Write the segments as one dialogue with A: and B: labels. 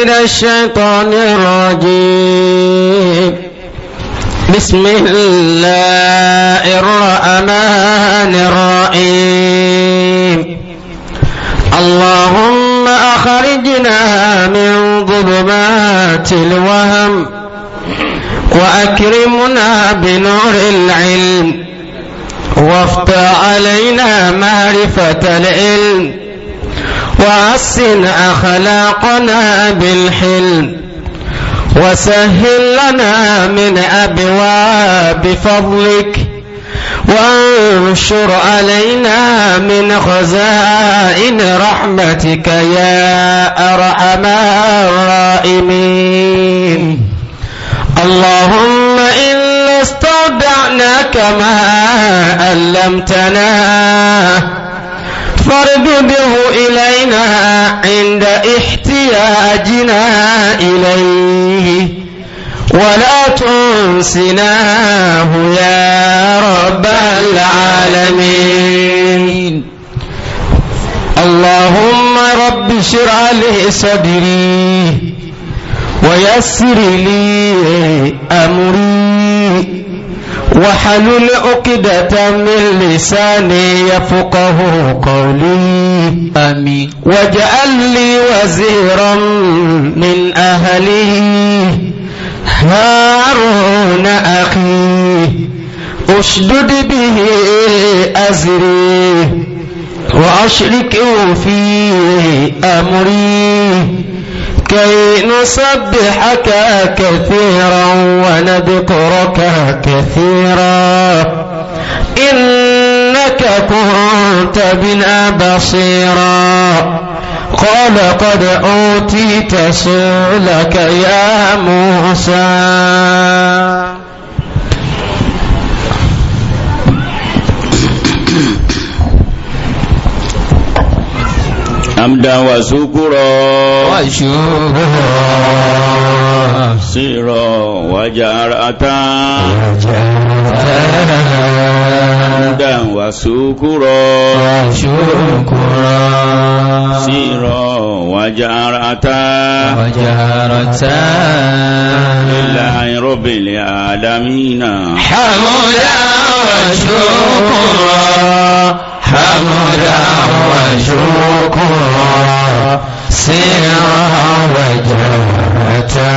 A: من الشيطان الرجيم بسم الله الرحمن الرحيم اللهم أخرجنا من ظلمات الوهم وأكرمنا بنور العلم وافتح علينا معرفة العلم وأحسن أخلاقنا بالحلم وسهل لنا من أبواب فضلك وانشر علينا من خزائن رحمتك يا أرحم الرائمين اللهم إنا استودعناك ما علمتنا فارده إلينا عند احتياجنا إليه ولا تنسناه يا رب العالمين اللهم رب شرع لي صدري ويسر لي أمري واحلل عقدة من لساني يفقه قولي آمين واجعل لي وزيرا من أهلي هارون أخي أشدد به أزري وأشركه في أمري كي نسبحك كثيرا ونذكرك كثيرا إنك كنت بنا بصيرا قال قد أوتيت سؤلك يا موسى
B: حمدا وشكرا وشكرا سيرا وجارة حمدا وشكرا وشكرا سيرا وجارة وجارة لله رب العالمين
A: حمدا وشكرا حمدا وشكرا سرا وجهتا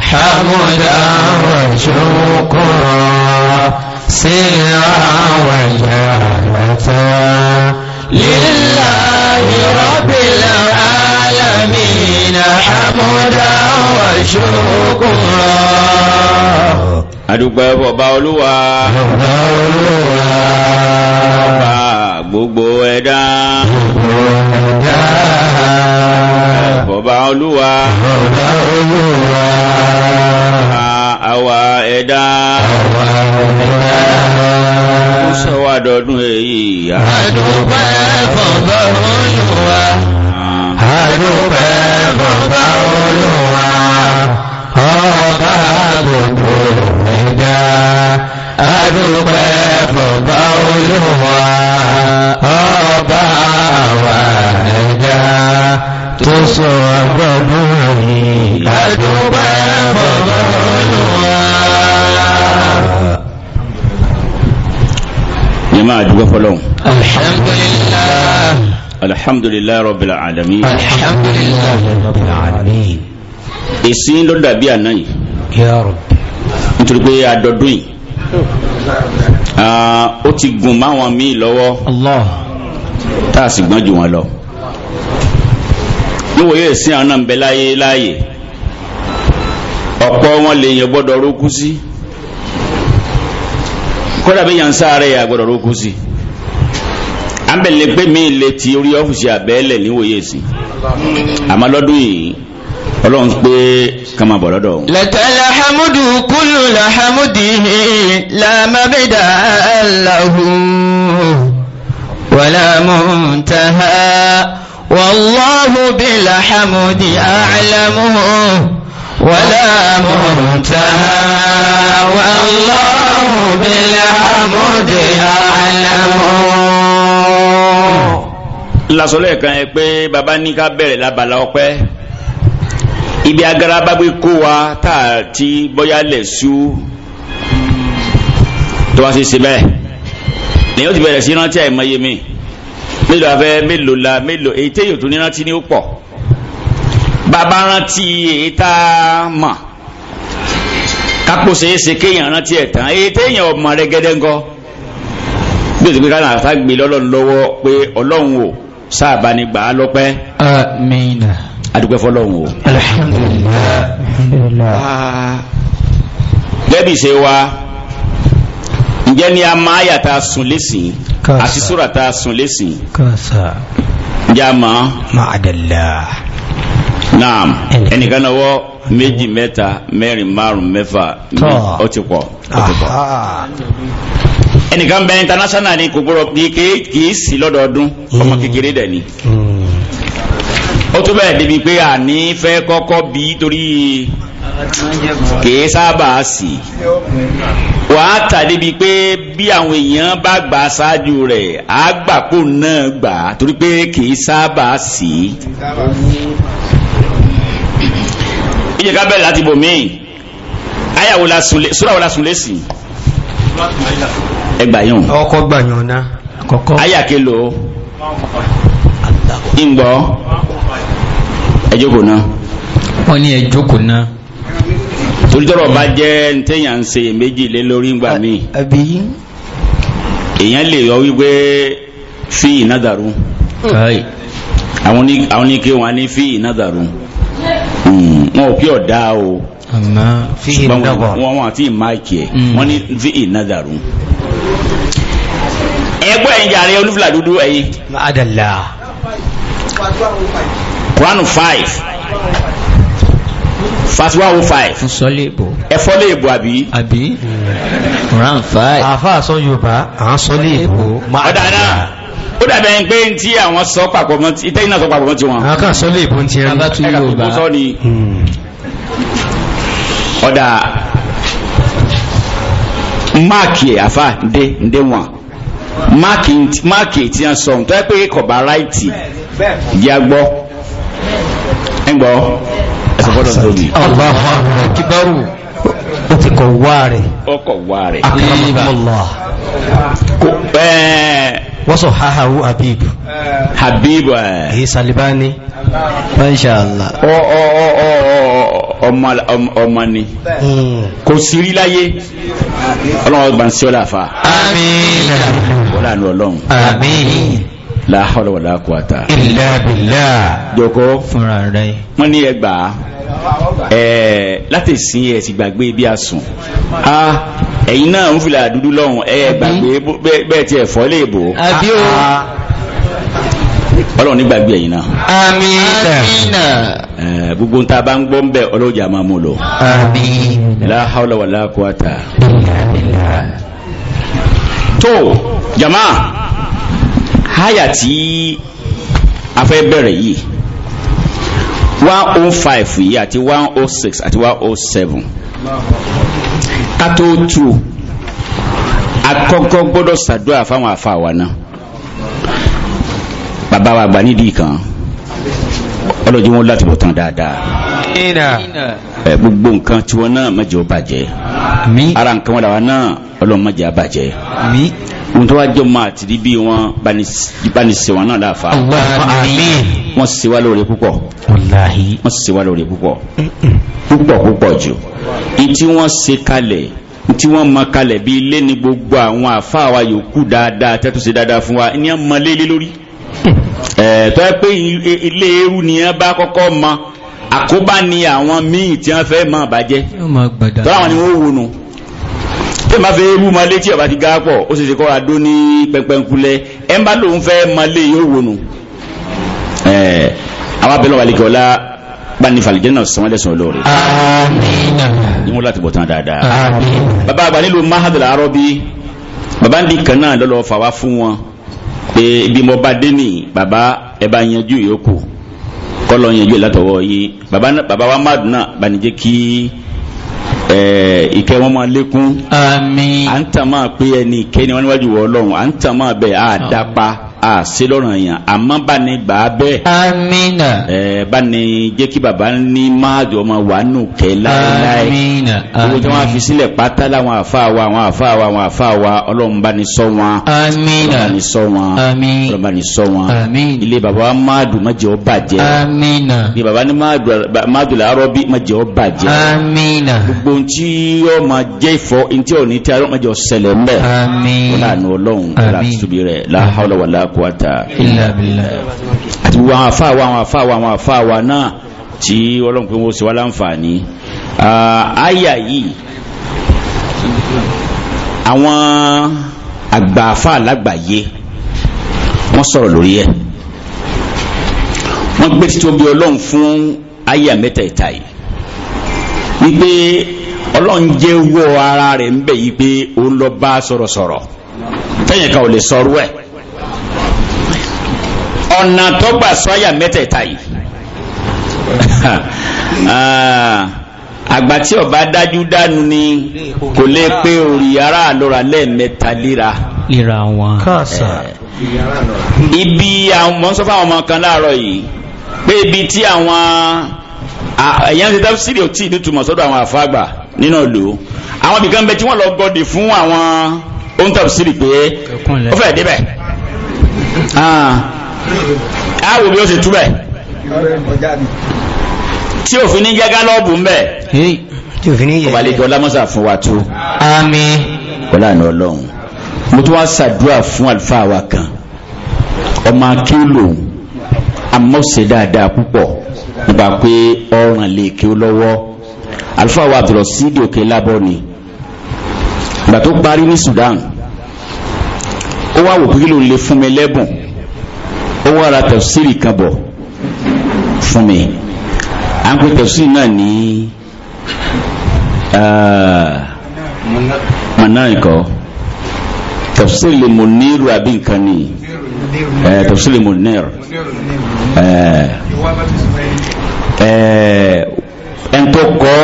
A: حمدا وشكرا سرا وجهتا لله رب العالمين حمدا
B: وشكرا adúpẹ́ bọ̀bá olúwa ọba gbogbo ẹ̀dá bọ̀bá olúwa àwa ẹ̀dá ó sọ́wà dọdún èyí
A: adúpẹ́ bọ̀bá olúwa adúpẹ́ bọ̀bá olúwa ọba gbogbo ẹ̀dá adúpẹ́ bọ̀bá olúwa ọba àwa ẹ̀dá tó sọ agbọ́dún yìí adúpẹ́ bọ̀bá olúwa.
B: ní máa dúpẹ́ fọlọ́hún.
A: alhamdulilayi.
B: alhamdulilayi rabbil alamin. alhamdulilayi rabbil alamin. èsì ló dàbí àná yìí. ya nítorí pé àdọ́dún yìí ó ti gùn máwọn míì lọ́wọ́ tá a sì gbọ́n jù wọn lọ níwòye ìsìn àwọn náà ń bẹ láyé láàyè ọ̀pọ̀ wọn lè yẹn gbọ́dọ̀ rókú sí kódà bí yàn sáré yà gbọ́dọ̀ rókú sí à ń bẹ̀ lè pé mi lè ti orí ọ́fíìsì àbẹ́lẹ̀ níwòye ìsìn àmọ́ lọ́dún yìí ọlọ́run pé ká máa bọ̀ lọ́dọ̀ òun.
A: lẹ́tẹ̀lẹ̀ hamudu kúlù lahamudi lamabeda alahu wàlámùntàhà wàláhù bí lahamudi alamu wàlámùntàhà wàláhù bí lahamudi alamu.
B: lasọlẹ̀ kan ẹ pé baba ní ká bẹ̀rẹ̀ lábala ọpẹ́ ibi agara bá gbé kó wa tá a ti bọ́yá lẹ̀ sú tó bá ṣe ṣe bẹ́ẹ̀ ni ó ti bẹ̀rẹ̀ sí rántí àìmọye mi mélòó afẹ́ mélòó la mélòó èyí téèyàn tó ní rántí ní ó pọ̀ bàbá rántí èyí tá a mọ̀ kápò ṣeéṣe kéèyàn rántí ẹ̀ èyí téèyàn ọmọ rẹ gẹ́dẹ́ ńkọ́ bí o ti gbé ká náà sá gbé lọ́lọ́run lọ́wọ́ pé ọlọ́run ò sáà bá ní gbà á lọ́pẹ́. amiina. Uh, adúpẹ́ fọ́lọ́run o
A: alhamdulillah
B: gẹ́bí ṣe wa ǹjẹ́ ni a máa yà ta sùn lẹ́sìn àti ta sùn lẹ́sìn ǹjẹ́ a máa ma'adalla naam ẹnìkan náà wọ́ méjì mẹ́ta mẹ́rin márùn mẹ́fà ó ti pọ̀ ẹnìkan bẹ international ni kò gbọ́dọ̀ kì í sí lọ́dọọdún ọmọ hmm. kékeré dẹ̀ ni. Mm ó tó bẹ́ẹ̀ débi pé àní fẹ́ kọ́kọ́ bí torí kìí sábà sí wàá tà débi pé bí àwọn èèyàn bá gbà ṣáájú rẹ̀ á gbà pò náà gbà torí pé kìí sábà sí. ìjẹ́ ká bẹ̀rẹ̀ láti bò míì ayàwó la sùn lé sùúrà wò la sùn lé sí. ẹgbà yàn. ọkọ gbà yàn náà. ayà kelo. ìgbọ́ ẹ jókòó náà. wọ́n ní ẹ jókòó náà. torí tọrọ bá jẹ́ ntẹ́yàn ń ṣe méjì lé lórí ńgbà míì. àbí. èèyàn lè yọ wípé fi ìnádàrú. àwọn ní kí wọn á ní fi ìnádàrú. Hmm, wọn ò kí ọ̀dà o. àmọ́ wọn wọn àti ìmáàkì ẹ̀ hmm. wọ́n ní fi ìnádàrú ẹgbẹ́ ìjà rẹ olúfìlà dúdú ẹ̀yìn. adàlá. Quran five fasi one oh five. sọlẹ̀ ìbò. ẹ fọlẹ̀ ìbò àbí. àbí mm.
A: Quran five. àfa sọ Yorùbá àwọn sọlẹ̀ ìbò. ọ̀dà náà ó
B: dàbẹ̀ pé n tí àwọn sọ papọ̀ mọ́ tí tẹ́yìn náà sọ papọ̀ mọ́ tí wọn. àwọn
A: kan sọlẹ̀ ìbò ń tiẹ̀. abatu Yorùbá
B: ọ̀dà máàkì ẹ̀ àfa ǹdẹ́ wọn máàkì tí wọ́n sọ tó yẹ pé kọ̀bá ráìtì jẹ́ gbọ́ gbọ́ ẹ̀sọ̀gbọ́dọ̀ tóbi. Allahu akibaru ó ti kọ̀ wá rẹ̀. ó kọ̀ habib. habib ẹ̀. èyí salibani.
A: mashallah.
B: ọ ọ ọ ọ ọmọ ni hmm. kò sí rí láyé ọlọ́run gbà ń sí ọ́ láfa.
A: àmín.
B: wọ́n lànà ọlọ́run. àmín la hawla wala quwata illa billah jọkọ́ fúnra rẹ̀ wọ́n ní ẹgbà ẹ̀ láti sin ẹ̀ gbàgbé bí a sùn a ẹ̀yin náà ń fìlà dúdú lọ́hùn ẹ̀ gbàgbé bẹ́ẹ̀ tí ẹ̀ lè bò ọlọ́run ní gbàgbé ẹ̀yin náà
A: amina
B: gbogbo ń ta bá ń gbọ́ ń bẹ̀ ọlọ́jà máa mú lọ amina la hawla wala quwata illa billah tó jama háyà tí a fẹ́ bẹ̀rẹ̀ yìí one oh five yìí àti one oh six àti one oh seven ká tó tu akọ́kọ́ gbọ́dọ̀ ṣàdúrà fáwọn àfa wa náà bàbá wa gbà nídìí kan ọlọ́jọ́ wọn láti bọ̀ tán dáadáa ìnà gbogbo nǹkan tí wọ́n náà mẹ́jọ bàjẹ́ ara nǹkan wọ́n dàwa náà ọlọ́mọjà bàjẹ́ ohun tó wá jọ máa ti rí bí wọ́n banisẹ̀ wọn náà láàfa wọ́n sì wá lóore púpọ̀ wọ́n sì wá lóore púpọ̀ púpọ̀ púpọ̀ jù ìtí wọ́n ṣe kalẹ̀ tí wọ́n ma kalẹ̀ bí ilé ní gbogbo àwọn àfáà yòókù dáadáa tẹ́tù sí dáadáa fún wa ní a mọ lé lé lórí
A: hmm. ẹ̀ẹ́tọ́
B: pé ilé eru ni a bá kọ́kọ́ mọ àkóbá ni àwọn míì tí wọ́n fẹ́ máa bàjẹ́ tọ́lá wọn ni wọ́n wò nù tí ma fẹ́ rú malé tí ọba ti ga pọ̀ ó sì ti kọ́ adó ní pẹ́pẹ́nkulẹ̀ ẹ̀ ń bá lòun fẹ́ malé yóò wò nù ẹ̀ àwọn abẹ́lẹ́ wà lẹ́kẹ̀ọ́ la bá ní falẹ̀ jẹ́nà sọ́wọ́n lẹ́sùn olóore. amiina. wọ́n láti bọ̀ tán dáadáa. bàbá àgbà nílùú mahadala arọ bàbá ń di kan náà lọ́lọ́ fà wá fún wọn pé bí mo kọlọ yẹn ju ìlàtọwọ yìí baba baba wa madu náà banijẹ kí ẹ ìkẹ́ wọn máa lékún. àmín. à ń tàn máa pé ẹni ìkẹ́ ni wọn níwájú wọ Ọlọ́run à ń tàn máa àṣẹ lọ́ràn yàn àmọ́ bá ní gbà á bẹ́ẹ̀. amina. ẹ bá ní jẹ́ kí bàbá ní máàdì ọmọ wà nù kẹ́ láéláé. amina
A: amina. owó tí wọ́n
B: fi sílẹ̀ pátá láwọn àfáà wa àwọn àfáà wa àwọn àfáà wa ọlọ́run bá ní ṣọ́ wọn. amina ọlọ́run bá ní ṣọ́ wọn. amina ọlọ́run bá ní ṣọ́ wọn. amina ilé bàbá máàdù má jẹ́ ó bàjẹ́. amina ilé bàbá ní máàdù làárọ̀ bí má jẹ́ ó bàjẹ́. amina gbogbo ntí yóò máa jẹ́ ìfọ́ ntí la quwwata illa billah àti gbogbo àwọn afáwa àwọn afáwa àwọn afáwa náà tí ọlọ́run pé wọ́n ṣe wá láǹfààní àyà yìí àwọn àgbààfà lágbàáyé wọ́n sọ̀rọ̀ lórí ẹ̀ wọ́n gbé títóbi ọlọ́run fún àyà mẹ́tẹ̀ẹ̀ta yìí wípé ọlọ́run jẹ́ wọ ara rẹ̀ ń bẹ̀ yí pé òun lọ bá sọ̀rọ̀sọ̀rọ̀ fẹ́yìn kan ò lè sọrú ẹ̀ ọ̀nà tó gbà sọ́yà mẹ́tẹ̀ẹ̀ta yìí ah, àgbà tí ọba dájú dánu ni kò lè pé orí ara àlọ́ra lẹ́ẹ̀mẹ́ta líra
A: líra wọn káàsà
B: eh, ibi àwọn mọ́ sọ fáwọn ọmọ kan láàárọ̀ yìí pé ibi tí àwọn èyàn ti dáfí sílẹ̀ tí nítumọ̀ sọ́dọ̀ àwọn àfáàgbà nínú ìlú àwọn ibìkan bẹ tí wọ́n lọ gọdì fún àwọn ohun tàbí sílẹ̀ pé ó fẹ́ débẹ̀ ah, àwò bí ó sì túbẹ̀ tí òfin ní jẹ́ gálọ́ọ̀bù mbẹ̀ tí òfin ní yẹ kọ̀wálé jọ lámọ́sà fún wa tó àmín kọ́lá ní ọlọ́run mo tún wá ṣàdúrà fún àlùfáà wa kan ọmọ akílò àmọ́ ṣe dáadáa púpọ̀ nípa pé ọ̀ràn lè kí ó lọ́wọ́ àlùfáà wa àbùrọ̀ sídìí òkè lábọ́ ni ìgbà tó parí ní Sudan ó wá wò pé kí ló lè fún mi lẹ́bùn ó wá ra tafsiri kan bọ̀ fún mi à ń pè tafsiri náà ní mọ̀nàìkọ́ tafsiri lè mọ̀ nírú àbí nǹkan ni eh, tafsiri mọ̀ nírú ẹn tó kọ́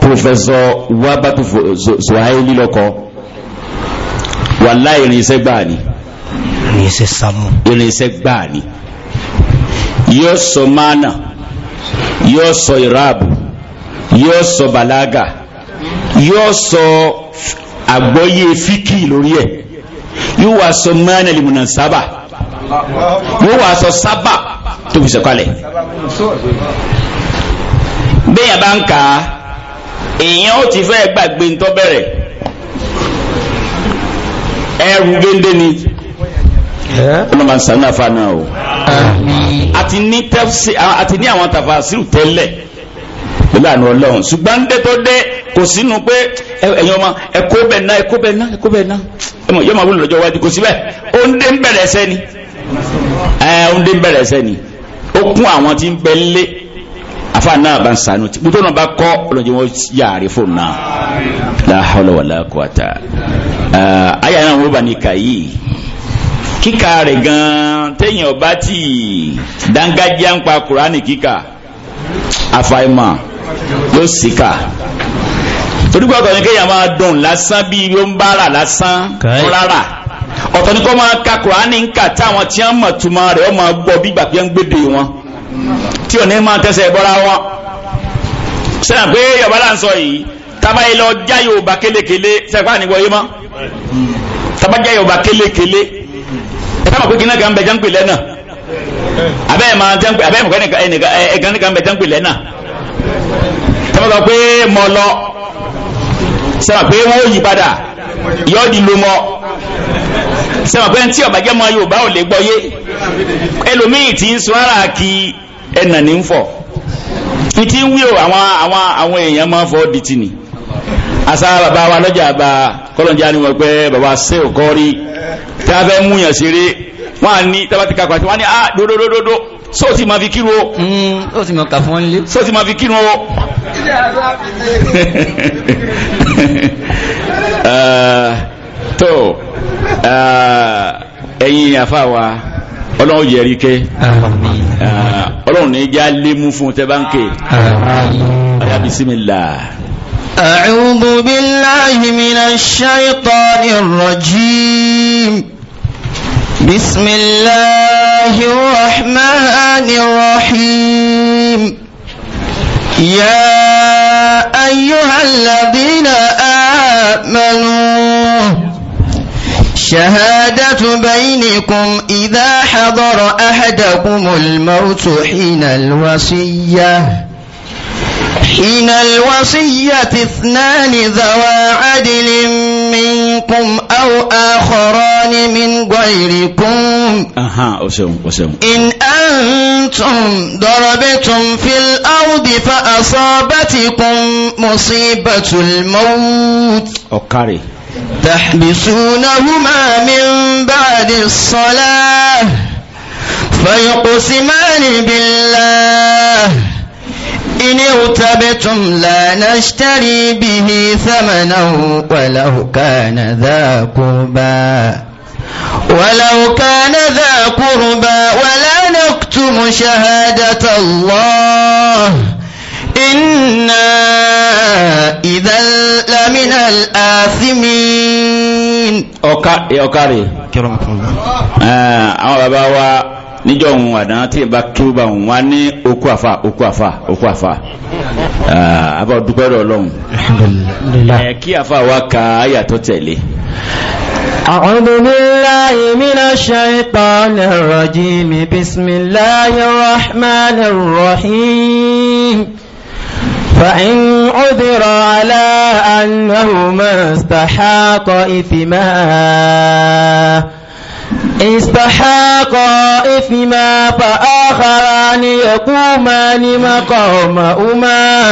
B: pòfẹ́sọ wábàtú Suhaili lọ́kọ́ wà láìrin iṣẹ́ gbáà ni. Eh, irinṣẹ́ sámú irinṣẹ́ gbáà ni yóò sọ mánà yóò sọ ìráàbù yóò sọ bàlágà yóò sọ àgbọ́yé fíkì lórí ẹ̀ yóò wá sọ mánà lìmùnà sábà yóò wá sọ sábà tó fi sọ̀kalẹ̀ bẹ́yà bá ń kà á èèyàn ó ti fẹ́ gbàgbé ń bẹ̀rẹ̀ ẹrù géńdé ni. ọlọ́mọ sàánú àfa náà o àti ní àwọn tàfà sírù tẹ́lẹ̀ pẹ̀lú dé tó dé kò sínú pé ẹ̀yin ọmọ ẹ̀kọ́ bẹ̀ náà ẹ̀kọ́ bẹ̀ náà ẹ̀kọ́ bẹ̀ náà yọmọ wúlò lọ́jọ́ wájú kò ó ń dé ń ni ó ń dé ń ni ó kún àwọn tí ń bẹ lé afa náà bá ń sànú tí náà bá kíkà rẹ̀ gan téèyàn bá tì dángájíá ń pa kùránì kíkà àfàìmọ̀ yóò sì kà torí pé ọ̀tọ̀ ni kéèyàn máa dùn lásán bí ló ń bára lásán rárá ọ̀tọ̀ ni kó máa ka kùránì ń kà táwọn tí wọ́n mọ̀ túmọ̀ rẹ̀ wọ́n máa gbọ́ bí gbàgbé ń gbèdè wọn tí ò ní máa tẹsẹ̀ bọ́ra wọn
A: sẹ́nà pé yorùbá
B: là ń sọ yìí tábà lọ já yorùbá kélékélé sẹ́fà ní wọ́yé mọ́
A: tábà já kélékélé
B: ẹ̀ka mọ̀ pé kí náà kan bẹ jáǹpì lẹ́nà abẹ́ ma jáǹpì abẹ́ mọ̀ kẹ́nìkan ẹ̀kan kan bẹ jáǹpì lẹ́nà tọ́mọ̀ kan pé mọ̀ lọ sẹ́wà pé wọ́n yí padà yọ́ di lomọ sẹ́wà pé tí ọ̀bàjẹ́ mọ Yorùbá ò lè gbọ́yé ẹlòmíì tí ń sun ara kí ẹnà ní ń fọ̀ ìtí ń wíò àwọn àwọn àwọn èèyàn máa ń fọ́ di tì ní àṣà wa lọ́jà bá kọ́lọ́njà ni wọ́n pẹ́ bàbá sẹ́wọ̀kọ́rí tí a fẹ́ mú yàn ṣeré wọ́n á ní tábà ti kakọ̀ àti wọ́n á ní ah dododododo so ti ma fi kírun o. so hmm, ti ma kà fún ọ́nlé. so ti ma fi kírun o. Eh, tó eh, ẹ̀yin àfa wa ọlọ́run yẹ rí kẹ́
A: eh,
B: ọlọ́run ní já lémú fún tẹ́ bá ọ̀yà bismillah.
A: أعوذ بالله من الشيطان الرجيم بسم الله الرحمن الرحيم يا أيها الذين آمنوا شهادة بينكم إذا حضر أحدكم الموت حين الوصية حين الوصية اثنان ذوى عدل منكم أو آخران من غيركم
B: أها أسهم أسهم
A: إن أنتم ضربتم في الأرض فأصابتكم مصيبة الموت أوكاري تحبسونهما من بعد الصلاة فيقسمان بالله إن ارتبتم لا نشتري به ثمنا ولو كان ذا قربا ولو كان ذا قربا ولا نكتم شهادة الله إنا إذا لمن
B: الآثمين أوكاري أوكاري كرمك الله آه أنا بابا níjọ́ òun àdán tí ìbá kí ó bá òun wá ní okú àfà okú àfà okú àfà àbá dúpẹ́ rẹ̀ ọlọ́run kí àfà wá ka àyàtọ̀ tẹ̀lé.
A: بسم الله الرحمن الرحيم فإن عذر على أنهما استحاق إثمها استحاقا إثما فآخران يقومان مقامهما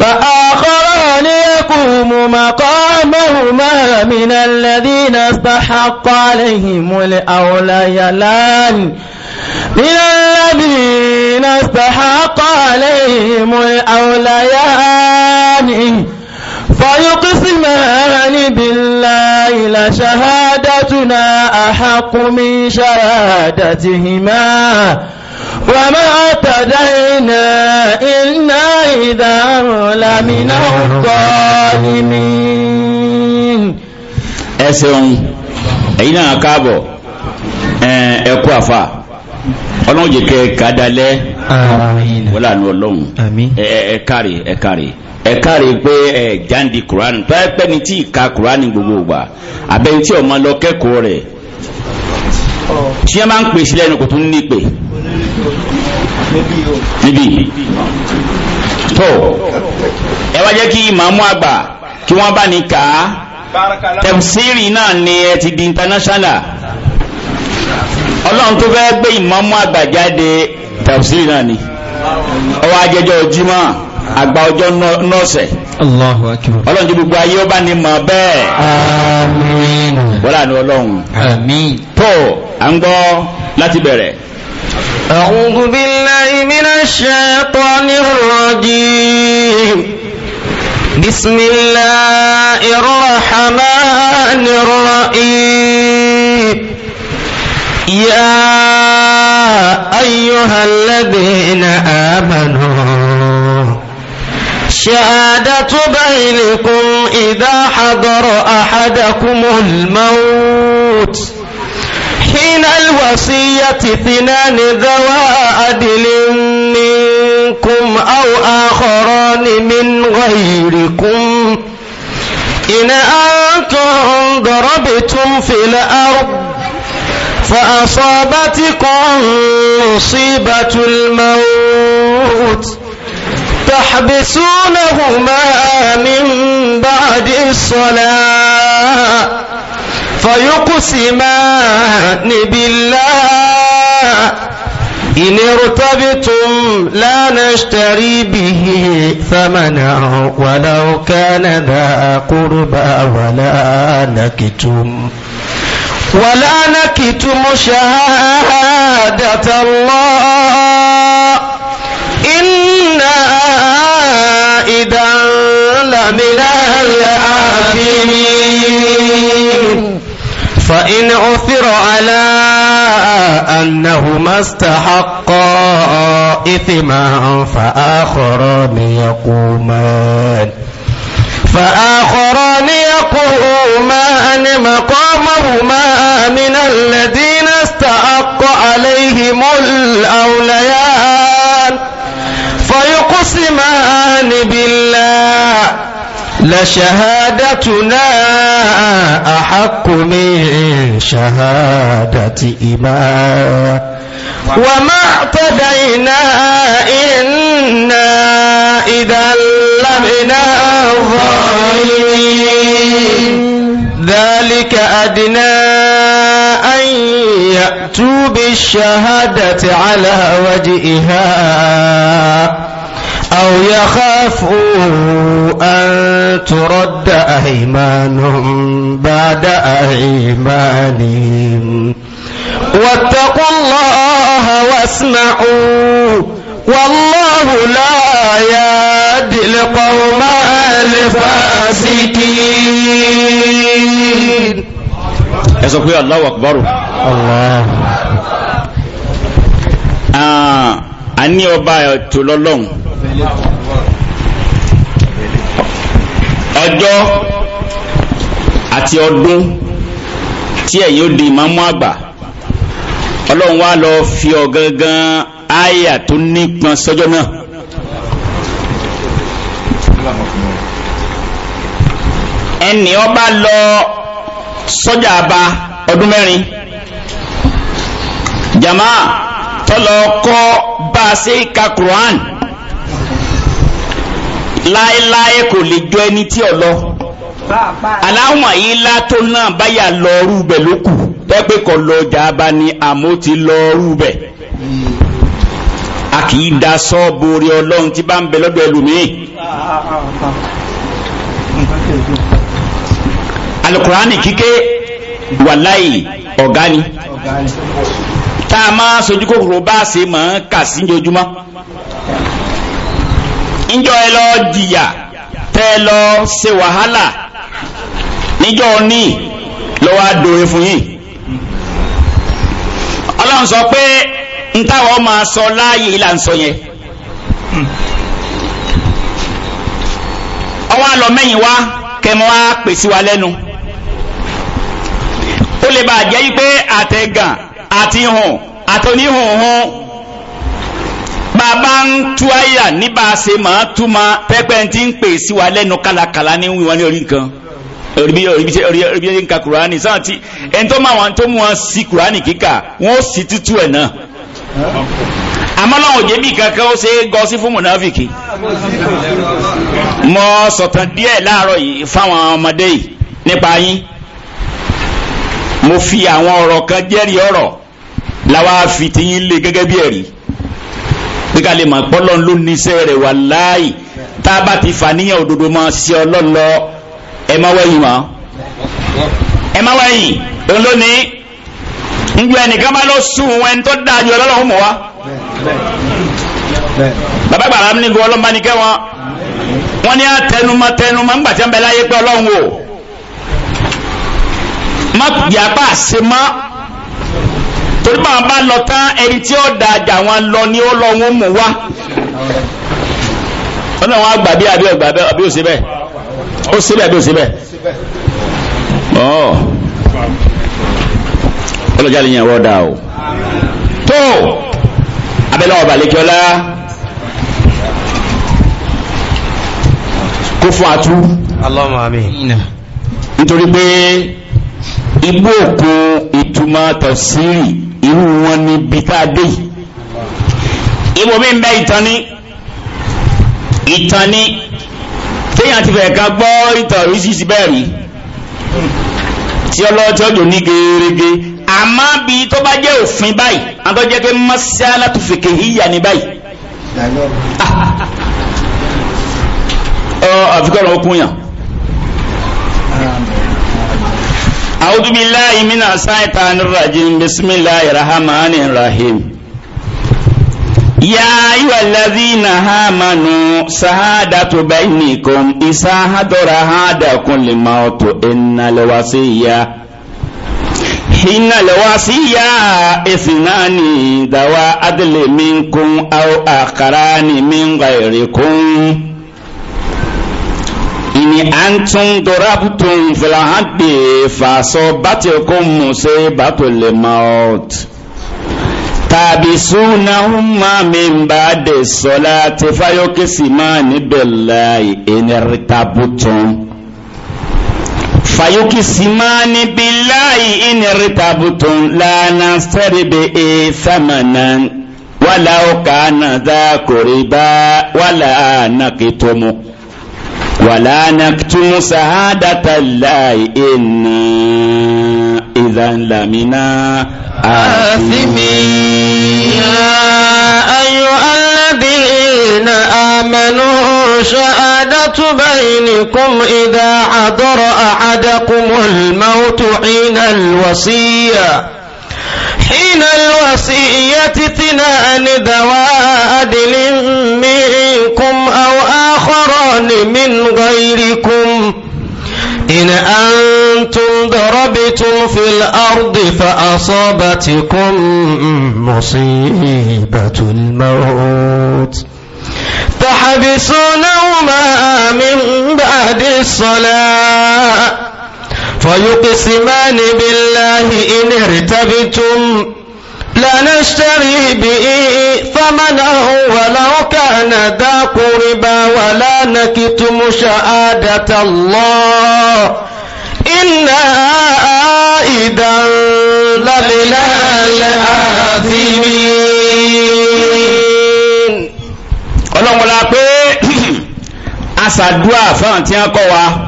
A: فآخران يقوم مقامهما من الذين استحق عليهم الأوليان من الذين استحق عليهم الأوليان يقسمان بالله لشهادتنا أحق من شهادتهما وما اعتدينا إنا إذا لمن الظالمين
B: ẹsẹ̀un ẹ̀yìn náà káàbọ̀ ẹ̀kú àfà ọlọ́run jẹ́ kẹ́ kádálẹ́ wọ́n lànà ọlọ́run ẹ̀ẹ́kàrí ẹ̀ẹ́kàrí ẹ káre pé ẹ jáǹdì Quran tó ẹ pẹ́ ni tí ìka Quran gbogbo gbà abẹ́ni tí ọmọ lọ kẹ́kọ̀ọ́ rẹ̀ tí ẹ máa ń pèsè lẹ́nu kò tún ní pè níbí tó ẹ wá jẹ́ kí ìmàmú àgbà kí wọ́n bá ní kà tẹ̀síìrì náà ni ẹ ti di international ọlọ́run tó fẹ́ gbé ìmàmú àgbà jáde tẹ̀síìrì náà ni ọwọ́ ajẹjọ́ Jímọ̀ àgbà ọjọ́ nọ́ọ̀sẹ̀
A: ọlọ́run
B: jí gbogbo ayé ó bá ní mọ̀ bẹ́ẹ̀ wọ́lá ní ọlọ́run tó à ń gbọ́ láti bẹ̀rẹ̀
A: أعوذ بالله يا أيها الذين آمنوا شهادة بينكم إذا حضر أحدكم الموت حين الوصية اثنان ذوى عدل منكم أو آخران من غيركم إن أنتم ضربتم في الأرض فأصابتكم مصيبة الموت تحبسونهما من بعد الصلاة فيقسمان بالله إن ارتبتم لا نشتري به ثمنا ولو كان ذا قربى ولا نكتم ولا نكتم شهادة الله إذا لمن الآثمين فإن عثر على أنهما استحقا إثما فآخران يقومان فآخران يقومان مقامهما من الذين استحق عليهم الأوليان يقسمان بالله لشهادتنا أحق من شهادة إما وما اعتدينا إنا إذا لمن الظالمين ذلك أدنى أن يأتوا بالشهادة على وجهها أو يخافوا أن ترد أيمانهم بعد أيمانهم واتقوا الله واسمعوا والله لا يهدي القوم الفاسقين
B: ẹ يا الله أكبر. الله. Allah a ní ọba ètò ọjọ́ àti ọdún tí ẹ̀yin ó di ìmáàmù àgbà ọlọ́run wá lọ fi ọ̀gangan àyà tó nípọn sọ́jọ́ náà ẹnì ọba lọ sọ́jà àbá ọdún mẹ́rin jama tọ́lọ kọ́ bá a ṣe ka Quran láéláé kò lè jọ ẹni tí ọ lọ aláwọn yìí látó náà báyà lọ rúbẹ̀ ló kù tẹ́pẹ́ kọ lọ jàbá ni àmó ti lọ rúbẹ̀ a kì í da sọ́ọ̀bù orí ọlọ́run tí bá ń bẹ lọ́dọ̀ ẹlòmíì alukurani kíké wàláì ọ̀gá ni tá a máa sojú kòkòrò bá a ṣe máa kà sí ojoojúmọ́. níjọ́ ẹlọ jìyà tẹ́ lọ ṣe wàhálà níjọ́ ní lọ́wọ́ àdòwe fún yìí ọlọ́run sọ pé n táwọn máa sọ láàyè ìlà ń sọ yẹn ọwọ́ àlọ́ mẹ́yìn wá kẹmọ́ á pèsè wa lẹ́nu ó lè bàjẹ́ yí pé àtẹ̀gàn àti hùn àtòníhùn hùn. bàbá ń tú àyà ní bá a ṣe máa tú ma pẹ́pẹ́ tí ń pè sí wa lẹ́nu kàlàkàlà ní wíwọ́n ní orí nǹkan oríbi oríbi oríbi ń ka kurani sáà tí ẹni tó máa wọn tó mú wọn sí kùránì kíkà wọn ó sì tútù ẹ̀ náà àmọ́ náà òjé bí kankan ó ṣe gọ sí fún mùnáfìkì mo sọ̀tàn díẹ̀ láàárọ̀ yìí fáwọn ọmọdé yìí nípa yín mo fi àwọn ọ̀rọ̀ kan jẹ́rìí ọ̀rọ̀ làwa fi ti yín lé gẹ́gẹ́ bí ẹ̀rí pé ká lè mọ̀ pọ́lọ́ ló ní iṣẹ́ rẹ̀ wà láàyè tá a bá ti fà níyàn òdodo mọ́ sí ọlọ́lọ́ ẹ má wẹ̀yìn mọ́ ẹ má wẹ̀yìn òun ló ní njẹ́ ẹnìkan bá lọ sùn wọn ẹni tó dáa ju ọlọ́run mọ̀ wá bàbá gbàrà mi ní gbọ́ ọlọ́mọba ní kẹ́wọ́n wọ́n ní àtẹnumọ́ tẹnumọ́ ńgbà tí wọ́n bẹ láyé pé ọlọ́run wò má yàgbà àṣemọ́ torí bá bá lọ tán ẹni tí ó da àjà wọn lọ ni ó lọ wọn mú wá wọn náà wọn àgbà bí àbí ọgbà bẹ àbí òsè bẹ́ẹ̀ ó sí bẹ́ẹ̀ àbí òsè bẹ́ẹ̀ ọ ọlọjà lè yàn o tó abẹlẹ ọba lẹkẹọlá kó fún atú nítorí pé igbó òkun ìtumọ̀ tafsiri inú wọn ni bita dé yìí ibo mi ń bẹ ìtàn ni ìtàn ni téèyàn ti fẹ̀ẹ́ ká gbọ́ ìtàn oríṣiríṣi bẹ́ẹ̀ rí tí ọlọ́tí ọjọ́ ní gerege àmọ́ bí tó bá jẹ́ òfin báyìí àtọ́jẹ́ pé mọ́sálà tó fèkè híyà ní báyìí ọ ah. àfikọ́ ọ̀rọ̀ okùn yàn. أعوذ بالله من الشيطان الرجيم بسم الله الرحمن الرحيم يا أيها الذين آمنوا شهادة بينكم إذا حضر أحدكم الموت إن الوصية إن الوصية اثنان ذوا عدل منكم أو آخران من غيركم ìní àǹtún dọ́rábùtún fìlàhádì fàṣọ bàtì kò mú sí bàtò lè mọ́t tàbí súnà húnmá mi ń bá dé sọlá tí fáyọkì sì máa níbẹ̀ láì ẹnìrìtàbùtún fàyọkì sì máa níbi láì ẹnìrìtàbùtún lánàá sẹ́rìbẹ̀ ẹ̀ sàmànà wala ọkà náà dá kórìbá wàlà nàkìtọ́mù. ولا نكتم سعادة الله إنا إذا لمنا آثمين
A: يا أيها الذين آمنوا شهادة بينكم إذا حضر أحدكم الموت حين الوصيه حين الوصية اثنان ذوى عدل منكم أو آخران من غيركم إن أنتم ضربتم في الأرض فأصابتكم مصيبة الموت تحبسونهما من بعد الصلاة فيقسمان بالله إن ارتبتم لا نشتري به ثمنه ولو كان ذا قربا ولا نكتم شهادة الله إنا إذا لمن الآثمين ọlọ́mọlá pé
B: a ṣàdúrà fáwọn tí wọ́n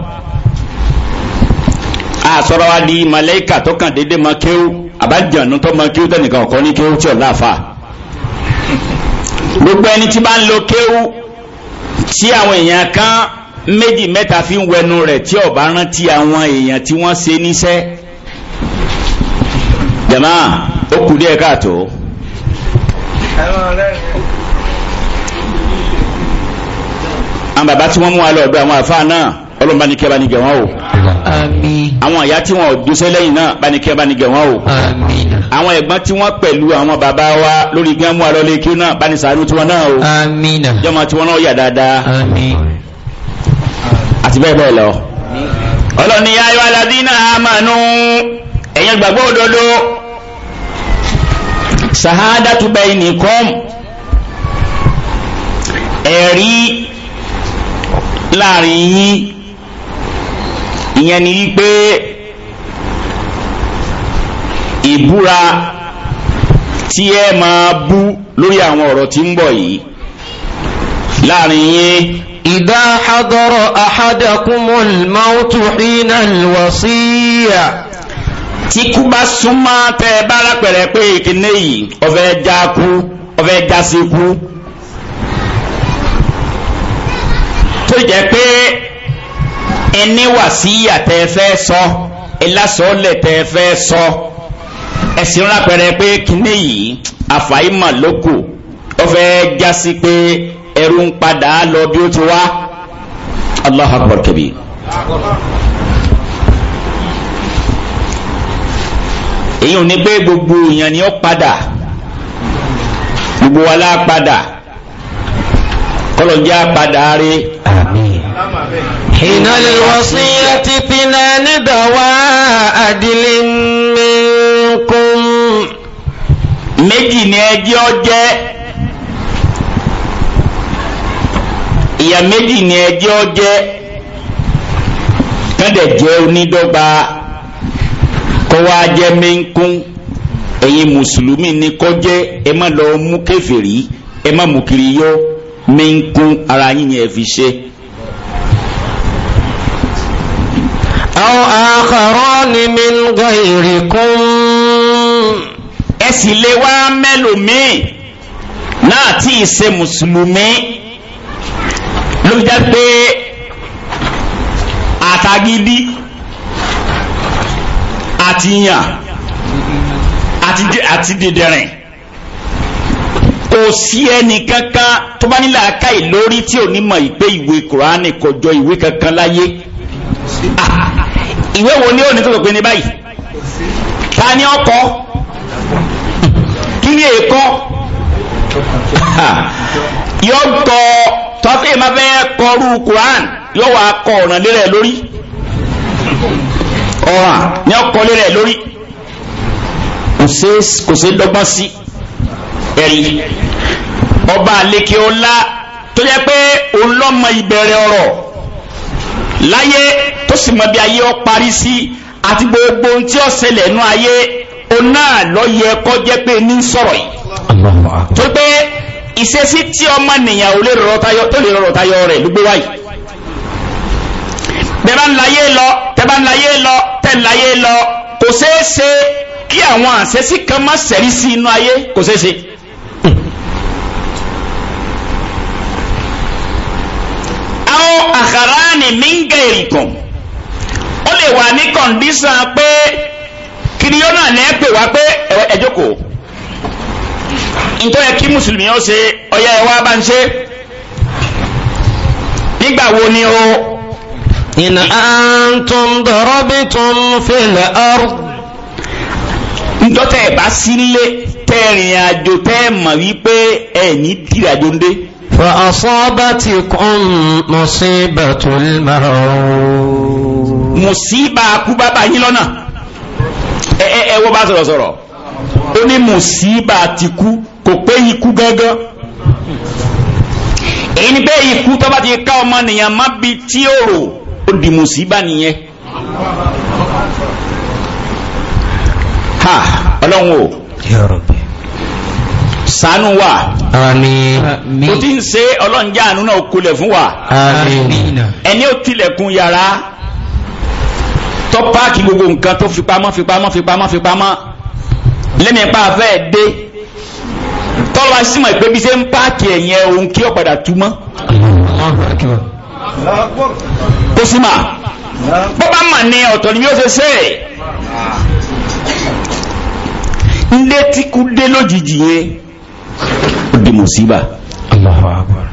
B: àsọ̀rọ̀ wa di màláíkà tó kàn déédé mọ kéwú àbájánu tó mọ kéwú tẹnìkan ọ̀kọ́ ní kéwú tí ò láàfà gbogbo ẹni tí bá ń lo kéwú tí àwọn èèyàn kan méjì mẹ́ta fi ń wẹnu rẹ̀ tí ó rántí àwọn èèyàn tí wọ́n ṣe níṣẹ́ jama ó kù díẹ̀ káàtó. àwọn bàbá tí wọ́n mú wa lọ́dọ̀ àwọn àfáà náà ọlọ́run bá ní kẹ́ bá ní gẹ̀ wọ́n o àmín àwọn àyá tí wọ́n dúsẹ́ lẹ́yìn náà bá ní kẹ́ bá ní gẹ̀ wọ́n o àmín àwọn ẹ̀gbọ́n tí wọ́n pẹ̀lú àwọn bàbá wa lórí gbẹ́ mú alọ́lé kí náà bá ní sàánú tí wọ́n náà o àmín jọmọ tí wọ́n náà yà dáadáa àmín àti bẹ́ẹ̀ bẹ́ẹ̀ lọ ọlọ́run ni ayọ́ aládínà àmànú ẹ̀yin gbàgbọ́ òdodo sahadatu bainikum ẹ̀rí láàrin yín ìyẹn ni wípé ìbúra tí ẹ máa bú lórí àwọn ọ̀rọ̀ tí ń bọ̀ yìí láàrin yín إذا حضر أحدكم الموت حين الوصية tí kú bá súnmọ́ tẹ́ ẹ bá pé ìkíní yìí ọ̀fẹ́ já kú ọ̀fẹ́ já sí kú tó jẹ́ pé ẹni wàsíyà tẹ́ fẹ́ sọ ẹlásọ́ọ̀lẹ̀ tẹ́ fẹ́ sọ ẹ̀sìn rápẹrẹ pé kíní yìí àfàìmọ̀ lóko ó fẹ́ jásí pé ẹrú ń padà lọ bí ó ti wá Allah Akbar kebi èyí ò ní pé gbogbo èèyàn ni ó padà gbogbo wa la padà kọlọ̀njá padà rí
A: àmín حين الوصية بنا ندوى عدل منكم
B: méjì ni ẹjẹ́ ọjẹ́ ìyà méjì ni ẹjẹ́ ọjẹ́ kẹ́dẹ̀ jẹ́ onídọ́gba kọ́ wá jẹ́ mẹ́ńkún ẹ̀yin mùsùlùmí ni kọ́jẹ́ ẹ má lọ mú kèfèrí ẹ má mú kiri yọ mẹ́ńkún ara yín yẹn fi ṣe. أو آخران من غيركم ẹ sì lè wá mẹ́lòmíì náà tí ì ṣe mùsùlùmí ló jẹ́ pé àtàgídí àti yàn àti dìdẹ̀rìn kò sí ẹni kankan tó bá nílẹ̀ aká ìlórí tí ò ní mọ̀ ìpé ìwé kùránì kọjọ ìwé kankan láyé ah, ìwé wo ni ó ní tó pè ní báyìí ta ni ọkọ̀ kí ni èkó yóò tọ tọ́fẹ́ ma fẹ́ kọrú Quran yóò wá kọ ọ̀ràn lérẹ̀ lórí ọ̀ràn ni ọkọ̀ lérẹ̀ lórí kò sí dọ́gbọ́n sí ẹ̀rí ọba àlekè ọlá tó jẹ́ pé òun ìbẹ̀rẹ̀ ọ̀rọ̀ láyé tó sì mọ bí ayé ọ parí sí àti gbogbo ohun tí ó ṣẹlẹ̀ nú ayé òun náà lọ yẹ kó jẹ́ pé ní sọ̀rọ̀ yìí tó pé ìṣesí tí ọmọ nìyàn ò lè rọrọ tayọ tó lè rọrọ tayọ rẹ̀ ló gbé wáyìí bẹ́ẹ̀ ń láyé lọ tẹ́ bá ń láyé lọ tẹ́ ń láyé lọ kò ṣeé ṣe kí àwọn àṣẹ́sí kan má ṣẹ̀rí sí inú ayé kò ṣeé ṣe. àwọn àkàràní míngà èrìkùn ó lè wà ní kọ̀ǹdísàn pé kìrìyọ́nà ní ẹ pè wá pé ẹ jókòó nítorí kí mùsùlùmí ó ṣe ọyá ẹ wá bá ń ṣe
A: nígbà wo ni o. إن أنتم ضربتم في الأرض njọ́ tẹ́ ẹ bá sílé tẹ́
B: rìn àjò tẹ́ mọ̀ wípé ẹ ní dìrìàjò ń dé
A: fa'asọ́bátìkún musibatul maut mùsíbà kú
B: bàbá yín lọ́nà ẹwọ́ bá sọ̀rọ̀ sọ̀rọ̀ ó ní mùsíbà ti kú kò pé ikú gángan èyí ni pé ikú tó bá ti ká ọmọ nìyàn má bi tí ó rò ó di mùsíbà nìyẹn ha ọlọ́run o sàánú wa àmín tó ti ń ṣe ọlọ́njẹ́ àánú náà kulẹ̀ fún wa àmín ẹni ó tilẹ̀kùn yàrá tó páàkì gbogbo nǹkan tó fipamọ́ fipamọ́ fipamọ́ fipamọ́ lẹ́nu ipa afẹ́ dé tọ́lọ́ wa símọ̀ ìpé bí ṣe ń páàkì ẹ̀yẹ ohun kí ó padà túmọ̀ kó sí mà bó bá mà ní ọ̀tọ̀ ni bí ó ṣe ṣe ndé tí kú dé lójijì yẹn ó di mùsíbà Allahu Akbar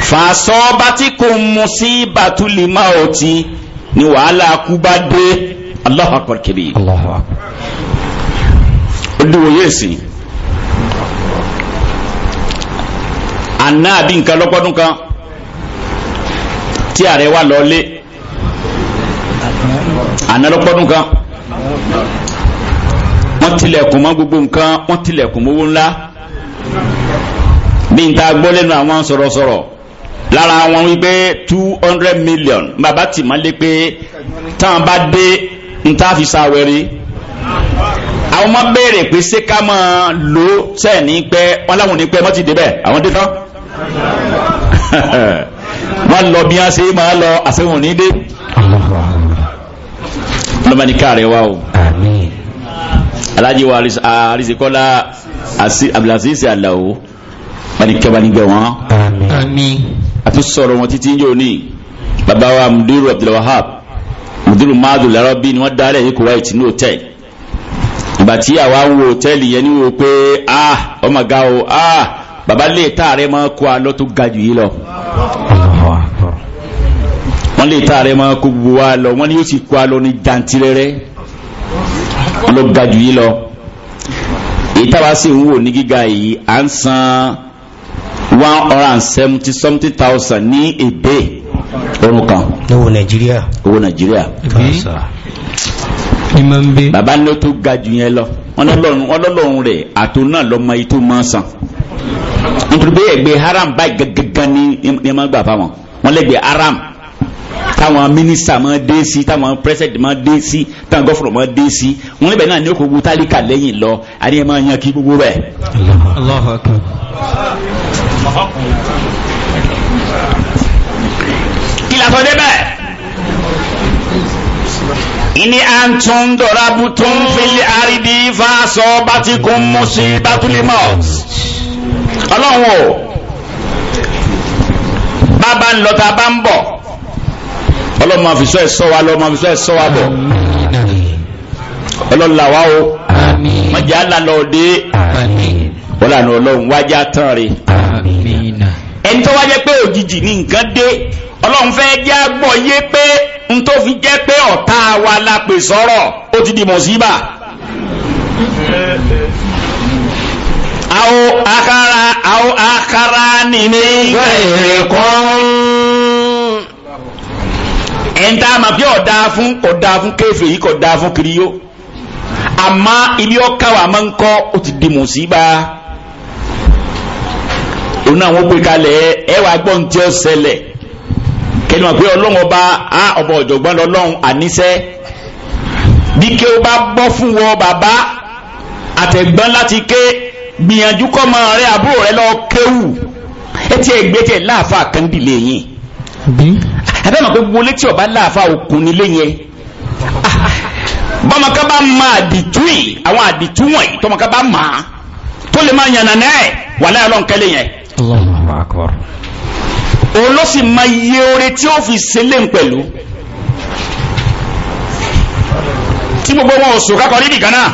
B: fàṣọ́bá tí kò mùsíbà tún lè máa ọtí ni wàhálà kú bá dé Allahu Akbar kiri Allahu Akbar ó di wòye sí àná àbí nǹkan lọ́pọ́dún kan tí ààrẹ wà lọ́lé àná lọ́pọ́dún kan wọ́n tilẹ̀kùn mọ́ gbogbo nǹkan wọ́n tilẹ̀kùn mọ́wó ńlá bí n ta gbọ́ lẹ́nu àwọn sọ̀rọ̀sọ̀rọ̀ lára wọn wípé two hundred million bàbá tì má lé pé táwọn bá dé n ta fi sàwẹ̀rí àwọn máa béèrè pé ṣé ká máa lò tẹ̀ ní pẹ́ wọn láwọn ní pẹ́ wọ́n ti débẹ̀ àwọn dé tán wọ́n lọ bí wọ́n ṣe máa lọ àṣẹ́wọ̀n ní dé lọ́mọ ní káàrẹ̀ wá o alájíwá àrísíkọ́lá abdulaziz aláwo balikẹbalikẹ wọn. àmín. a tún sọ̀rọ̀ wọn títí yóò ní baba wa mudiru abdulwahab mudiru madu larabi ni wọ́n dálẹ̀ yìí kuwait ní hòtẹ́ẹ̀lì ìgbà tí àwa ń wo hòtẹ́ẹ̀lì yẹn ni wo pé ah ọmọ ga o ah baba lè taarẹ mọ kó alọ tó ga jù yìí lọ wọ́n lè taarẹ mọ kó gbogbo wa lọ wọ́n ni yóò sì kó alọ ní jantirẹrẹ lọ ga jù yìí lọ èyí táwa sì ń wò ní gíga yìí à ń san one hundred and seventy something thousand ní èbè ọdún kan.
A: owó nàìjíríà.
B: owó nàìjíríà. bàbá ní ó tó ga jù yẹn lọ wọn lọ́lọ́run rẹ̀ àtò náà lọ́mọ yìí tó máa san nítorí pé ẹgbẹ́ haram báyìí gangan ni ẹ máa gbà fáwọn wọn lẹ́gbẹ̀ẹ́ haram táwọn mínísítà máa dé sí táwọn pírẹsẹ̀dì máa dé sí táwọn gọ́fọ̀rọ̀ máa dé sí wọn lẹ́bẹ̀ẹ́ náà ní ó kó gbú tálíkà lẹ́yìn lọ àní máa yan kí gbogbo
A: rẹ̀. Allahu Akbar
B: ìlàtọ̀ débẹ̀ ìní àǹtún dọ̀rábù tó butun fili aridi fáṣọ bá ti kún mú sí bátúlímọ̀ ọlọ́run o bàbá ń lọta bá ń bọ̀ ọlọ́run máa fi sọ ẹ̀ sọ wa lọ́ọ́ máa fi sọ ẹ̀ sọ wa bọ̀ ọlọ́run làwa o mọ̀jà lálọ́ọ̀dé wọ́n lànà ọlọ́run wájà tán rèé ẹni tó wá jẹ́ pé òjijì ní nǹkan dé ọlọ́run fẹ́ jẹ́ àgbọ̀ yé pé n tó fi jẹ́ pé ọ̀tá wa la pè sọ́rọ̀ ó ti di mọ̀síbà àwọn akara àwọn akara nìní ẹni tá a máa fi ọ̀dá fún ọ̀dá fún kéfè yìí kò dá fún kiri yó àmọ́ ibi ọ̀ka wa máa ń kọ́ ó ti di mọ̀síbà òun náà wọ́n pè kalẹ̀ ẹ wàá gbọ́n tí ó ṣẹlẹ̀ kẹ́ni wọ́n pé ọlọ́run ọba á ọba ọ̀jọ̀gbọ́n lọ́lọ́run àníṣẹ́ bí ké o bá bọ́ fún wọ bàbá àtẹ̀gbọ́n láti ké gbìyànjú kọ́ mọ rẹ àbúrò rẹ lọ kéwù ẹ tiẹ̀ gbé tiẹ̀ láàfà kàndìlẹ̀ yìí àbẹ́mọ̀ pé wọlé tí ọba láàfà òkun nílé yẹn bọ́mọká bá ma àdìtú yìí àwọn àdìtú wọ̀nyí tọmọká bá ma tó lè máa yànnà náà wà láyà yẹn.
A: Allahu akbar
B: òun ló sì ma iye oore tí ó fi sílé ń pẹ̀lú tí gbogbo wọn ò sùn kákọ nídìí kan náà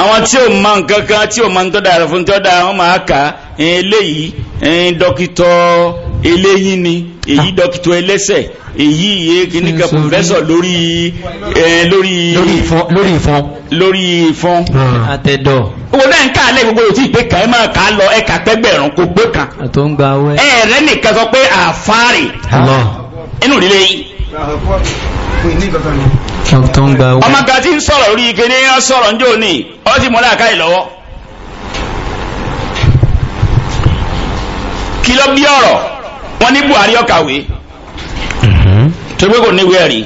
B: àwọn tí ò mọ nǹkan kan tí ò mọ nǹkan tó dára fún tó dára wọn máa kà eléyìí eh, dókítọ̀ eléyìí ni èyí ah. dókítà ẹlẹ́sẹ̀ èyí kìíní kan pòfẹ́sọ̀ lórí lórí lórí ìfọn lórí ìfọn
A: ah. àtẹ̀dọ̀
B: owó náà ń ká alẹ́ gbogbo òtí ìpé kan ẹ máa kà á lọ ẹ̀ka pẹ́gbẹ̀rún kò pé kan ẹ̀rẹ́ nìkan sọ pé àfáàrè inú ìdílé yìí ọmọ kan tí ń sọ̀rọ̀ orí ike ní ọ́ sọ̀rọ̀ ń jò ní ọ́ ti mú láàká ìlọ́wọ́ kí ló bí ọ̀rọ̀ wọ́n ní Buhari ọ̀kàwé tó gbé kò níwèé ẹ̀rí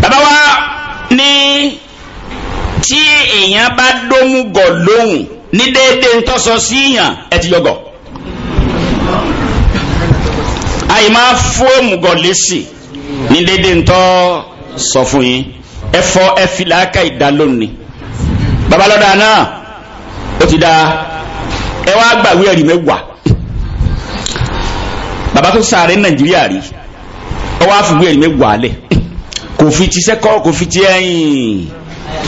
B: bàbá wa ní tí èèyàn bá dómúgọ̀ lóhùn ní déédéé ń tọ́sọ sí yàn ẹ ti yọgọ̀ àyè máa fóòmù gọ̀ lẹ́sì ní déédéé ń tọ́ sọ fún yín ẹ fọ ẹ fi làákà ìdá lónìí babalọ́dà náà ó ti dáa ẹ wá gbàwé ẹ̀rí mẹ́wàá bàbá tó sáré nàìjíríà rí ọ wá fìwé ẹ̀rí mẹ́wàá lẹ̀ kò fi ti sẹ́kọ́ kò fi ti ẹ̀yìn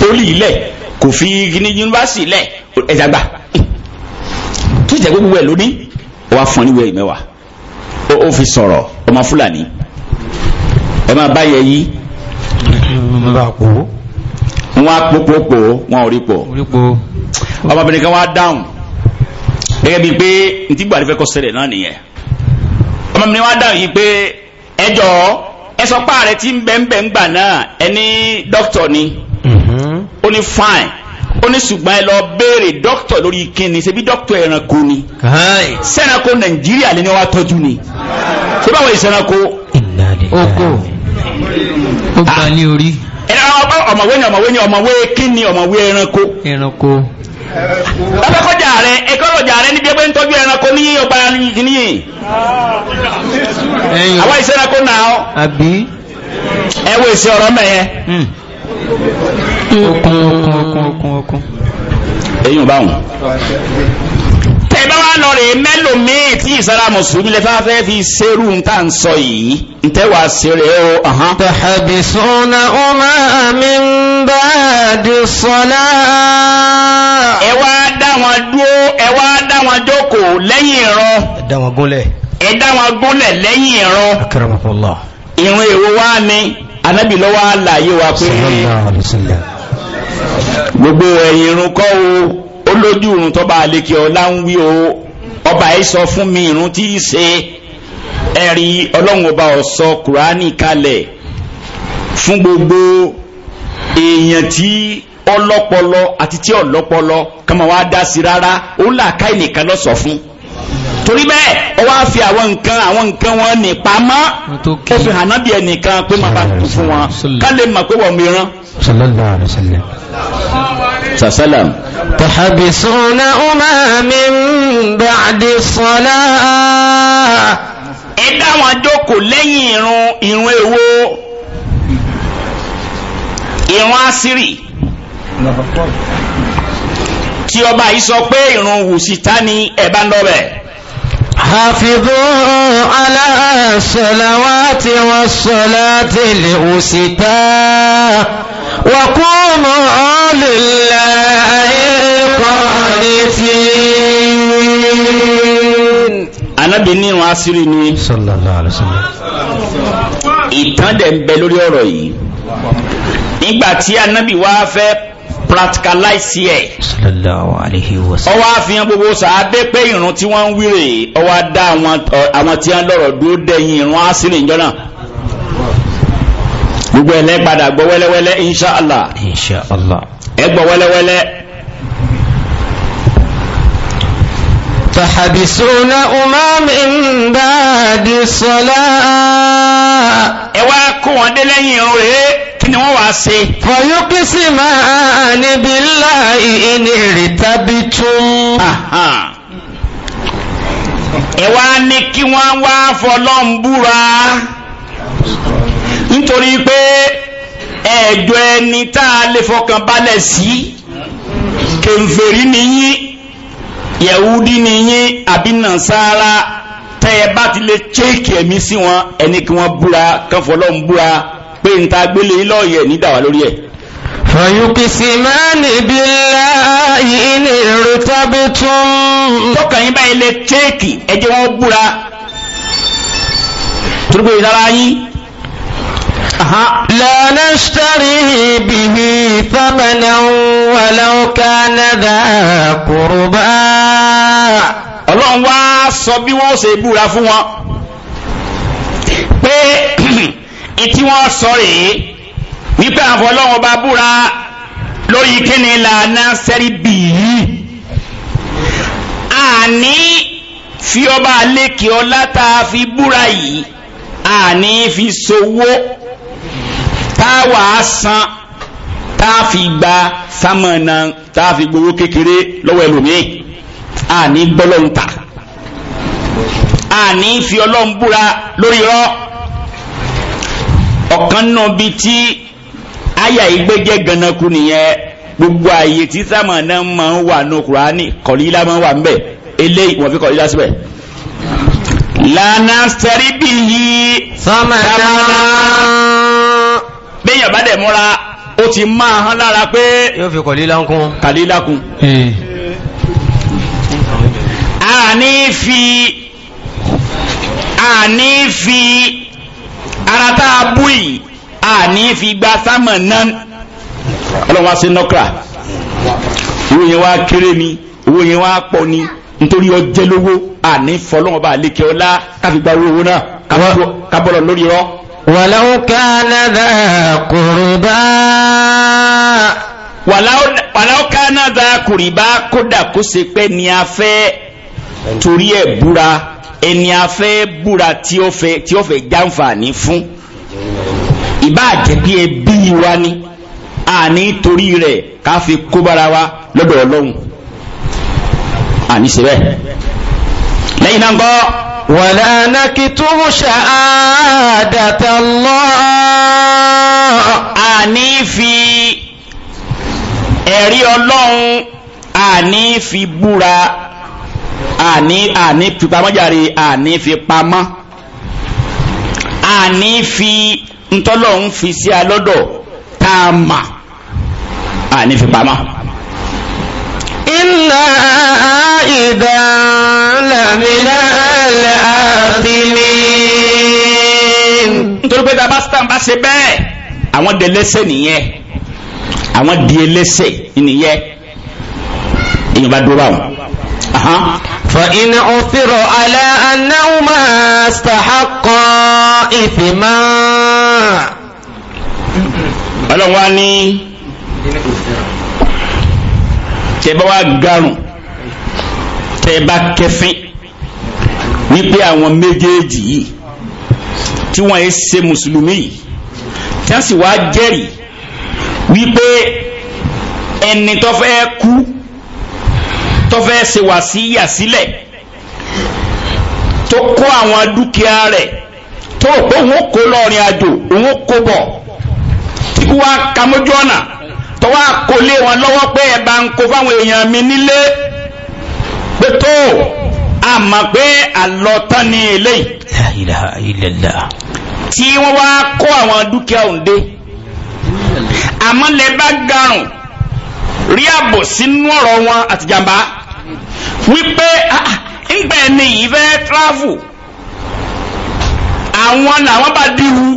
B: pólì lẹ̀ kò fi ní yunifásitì lẹ̀ ẹ̀dá gbà tó jẹ́ gbogbo ẹ̀ lóní ọ wá fún ọ níwèé ẹ̀rí mẹ́wàá ó fi sọ̀rọ̀ ọmọ fúlàní ẹ máa bá yẹ yí wọ́n á pópópó wọ́n ò rí pò ọmọbìnrin kan wá dáhùn gẹ́gẹ́ bíi pé ntí Buhari fẹ́ kọ́ ṣẹlẹ̀ náà nìyẹn ọmọ mi ni wọ́n á dáhùn yìí pé ẹjọ́ ẹ sọ pa ń bẹ́ ń náà ẹni dókítọ̀ ni ó ní fine ó ní ṣùgbọ́n ẹ lọ béèrè dókítọ̀ lórí kíni ṣe bí dókítọ̀ ẹranko ni sẹ́ranko Nàìjíríà lè ní wàá tọ́jú ni ṣé báwo ìsẹ́ranko.
A: oko ó gba ní orí. ẹ
B: ọmọwé ni ọmọwé ni ọmọwé kíni ọmọwé ẹranko. ẹranko. ọmọwé rẹ ẹkọ́ rọjà rẹ níbi ẹgbẹ́ ń tọ́jú ẹranko ní ọba nìyí àwọn iṣẹ́ ẹranko náà àbí ẹwọ èsì ọ̀rọ̀ mẹ́yẹ hmm. okun okun okun okun okun eyín báwọn ẹ bá wá lọ rè mẹ́lòmíì tí ìsara mùsùlùmí lè fà fẹ́ fi ṣerú nǹkan ń sọ yìí
A: ntẹ́wà ṣeré o. tàbísọ́nà ọmọ mi ń bá di sọ́lá.
B: ẹ wá dá wọn dúró ẹ wá dá wọn jókòó lẹ́yìn ìrun.
A: ẹ dá wọn gúnlẹ̀.
B: ẹ dá wọn gúnlẹ̀ lẹ́yìn ìrun.
A: akramakallah.
B: ìrun èrò wa ni anábì lọ́wọ́ àlàyé wa pé. sallallahu alaihi gbogbo ẹ̀yìn irun kọ́ o ó lójú irun tọ́ba àlekè ọlá ń wí o ọba yìí sọ fún mi irun tí í ṣe ẹ̀rí ọlọ́run ọba ọ̀sọ kùránì kalẹ̀ fún gbogbo èèyàn tí ọlọ́pọlọ àti tí ọlọ́pọlọ kàmá wá dá sí rárá ó là ká ẹnìkan lọ sọ fún torí bẹ́ẹ̀ ọ wá fi àwọn nǹkan àwọn nǹkan wọn ní pamọ́ ó fi hànà bí ẹnìkan pé máa bá kú fún wọn ká lè mọ̀ pé wọ́n mìíràn. sallallahu alaihi wasallam
A: sàṣálàm tàbísọ́nà ọmọ mi ń bàdé sọ́lá ẹ̀dá wọn jókòó lẹ́yìn
B: ìrun ìrun èwo ìrun àṣírí tí ọba yìí sọ pé ìrun wùsìtá ni ẹ̀bá ń lọ́bẹ̀
A: hafizu ala salawati wa salati li wùsìtá وقوموا لله قانتين
B: Ànábì ní ìrun asírí ni sallallahu alaihi wasallam ìtàn dẹ̀ ń bẹ lórí ọ̀rọ̀ yìí nígbà tí Ànábì wá fẹ́ practicalize ẹ̀ sallallahu fi hàn gbogbo sàábé pé ìrun tí wọ́n ń wíre ó dá àwọn tí wọ́n lọ́rọ̀ dúró dẹ̀yìn ìrun asírí ìjọ náà gbogbo ẹ̀lẹ́ padà gbọ́ wẹ́lẹ́wẹ́lẹ́ inṣáàlá
A: inṣáàlá ẹgbọ́ wẹ́lẹ́wẹ́lẹ́ tàbísúnà umarmi bá di sọ́lá ẹwà kún wọn dé lẹ́yìn orí eh, kí ni wọ́n wá ṣe fọyúkí sí máa níbi láì ní ìrìtàbí tún
B: ẹwà ní kí wọ́n wá fọlọ́mbúra nítorí pé ẹ̀jọ́ ẹni tá a lè fọkàn balẹ̀ sí kèfèrí nìyí yẹ̀wúdí nìyí àbí nàṣàrà tẹ́ ẹ bá ti lè chéèkì ẹ̀mí sí wọn ẹni kí wọ́n búra kan fọlọ́run búra pé n ta gbélé lọ́ọ̀yẹ̀ nídàwà lórí ẹ̀.
A: fọyùkìsìmánì billahi ní ìrùtàbùtùn. tọkàn yín báyìí lè chéèkì ẹ jẹ́ búra. turugbe ìdára yín لا نشتري به ثمنا ولو كان ذا قربا ọlọ́run wá sọ bí wọ́n ṣe búra fún wọn pé
B: ìtí wọ́n sọ rèé wípé àwọn ọlọ́run bá búra lórí kíni lànà sẹ́rí bì yìí àní fi ọba lékè ọlá tá fi búra yìí àní fi sowó táwa á san tá a fi gba sámọ̀nà tá a fi gbowó kékeré lọ́wọ́ ẹlòmíì a ní gbọ́lọ́hún ta a ní fi ọlọ́hún búra lórí rọ́ ọ̀kan náà bi tí àyà ìgbẹ́jẹ́ gànàkú nìyẹn gbogbo àyè tí sámọ̀nà máa ń wà ní Kùránì kọ̀lílá máa ń wà ń eléyìí wọ́n fi kọ̀lílá síbẹ̀ lánàá sẹ́rí bìyí sámọ̀nà bẹ́yìn àbá dẹ̀ múra ó ti máa hán lára pé yóò fi kọ̀lílákún kàlílákún eh. a ní fi a ní fi ara tá a bú yìí a ní fi gba sámọ̀ náà ọlọ́run sí nọ́kra owó yẹn wá kéré ni owó yẹn wá pọ̀ ni nítorí ọjẹ́ lówó a ní fọlọ́wọ́n bá lékè ọlá káfígbà owó náà kábọ̀lọ̀ lórí rọ́ ولو كان ذا قربا ولو ولو كان ذا قربا kódà kó ṣe pé ni a fẹ́ torí ẹ̀ búra ẹni a fẹ́ búra tí ó fẹ́ tí ó fẹ́ jàǹfààní fún ìbá jẹ́ ẹbí wa ni àní torí rẹ̀ ká fi kó bára wa lọ́dọ̀ Ọlọ́run àní síbẹ̀
A: lẹ́yìn náà ń gbọ́. ولا نكتم شهادة الله àní fi
B: ẹ̀rí ọlọ́run àní fi búra àní àní fi pamọ́ jàre àní fi pamọ́ àní fi ntọ́lọ́run fi sí alọ́dọ̀ tá a mà àní fi pamọ́.
A: إلا إذا لمن الآثمين torí pé bàbá stan bá ṣe bẹ́ẹ̀
B: àwọn di ẹlẹ́ṣẹ̀ nìyẹn àwọn di
A: ẹlẹ́ṣẹ̀ nìyẹn
B: èèyàn bá dúró àwọn.
A: فإن عثر على أنهما استحقا إثما. ọlọ́run wá ní
B: tẹ́ bá wá garùn tẹ́ bá kẹfín wípé àwọn méjèèjì yìí tí wọ́n yẹ ṣe mùsùlùmí yìí tí wọ́n sì wá jẹ́rìí wípé ẹni tó fẹ́ kú tó ṣe wà sí yà tó kó àwọn dúkìá rẹ̀ tó rò pé òun ó kó lọ́rin àjò òun ó kó bọ̀ kíkú wá kamójú ọ̀nà tọ́wọ́ àkọlé wọn lọ́wọ́ pé ẹ bá ń kó fáwọn èèyàn mi nílé pé tó àmọ́ pé àlọ́tán ni eléyìí.
A: ilaha illallah.
B: tí wọ́n wá kó àwọn dúkìá òǹde àmọ́ lè bá garùn rí ààbò sínú ọ̀rọ̀ wọn àtìjàmbá wípé ńgbà ah, ah, ẹni yìí fẹ́ tíráfù àwọn làwọn bá dìrú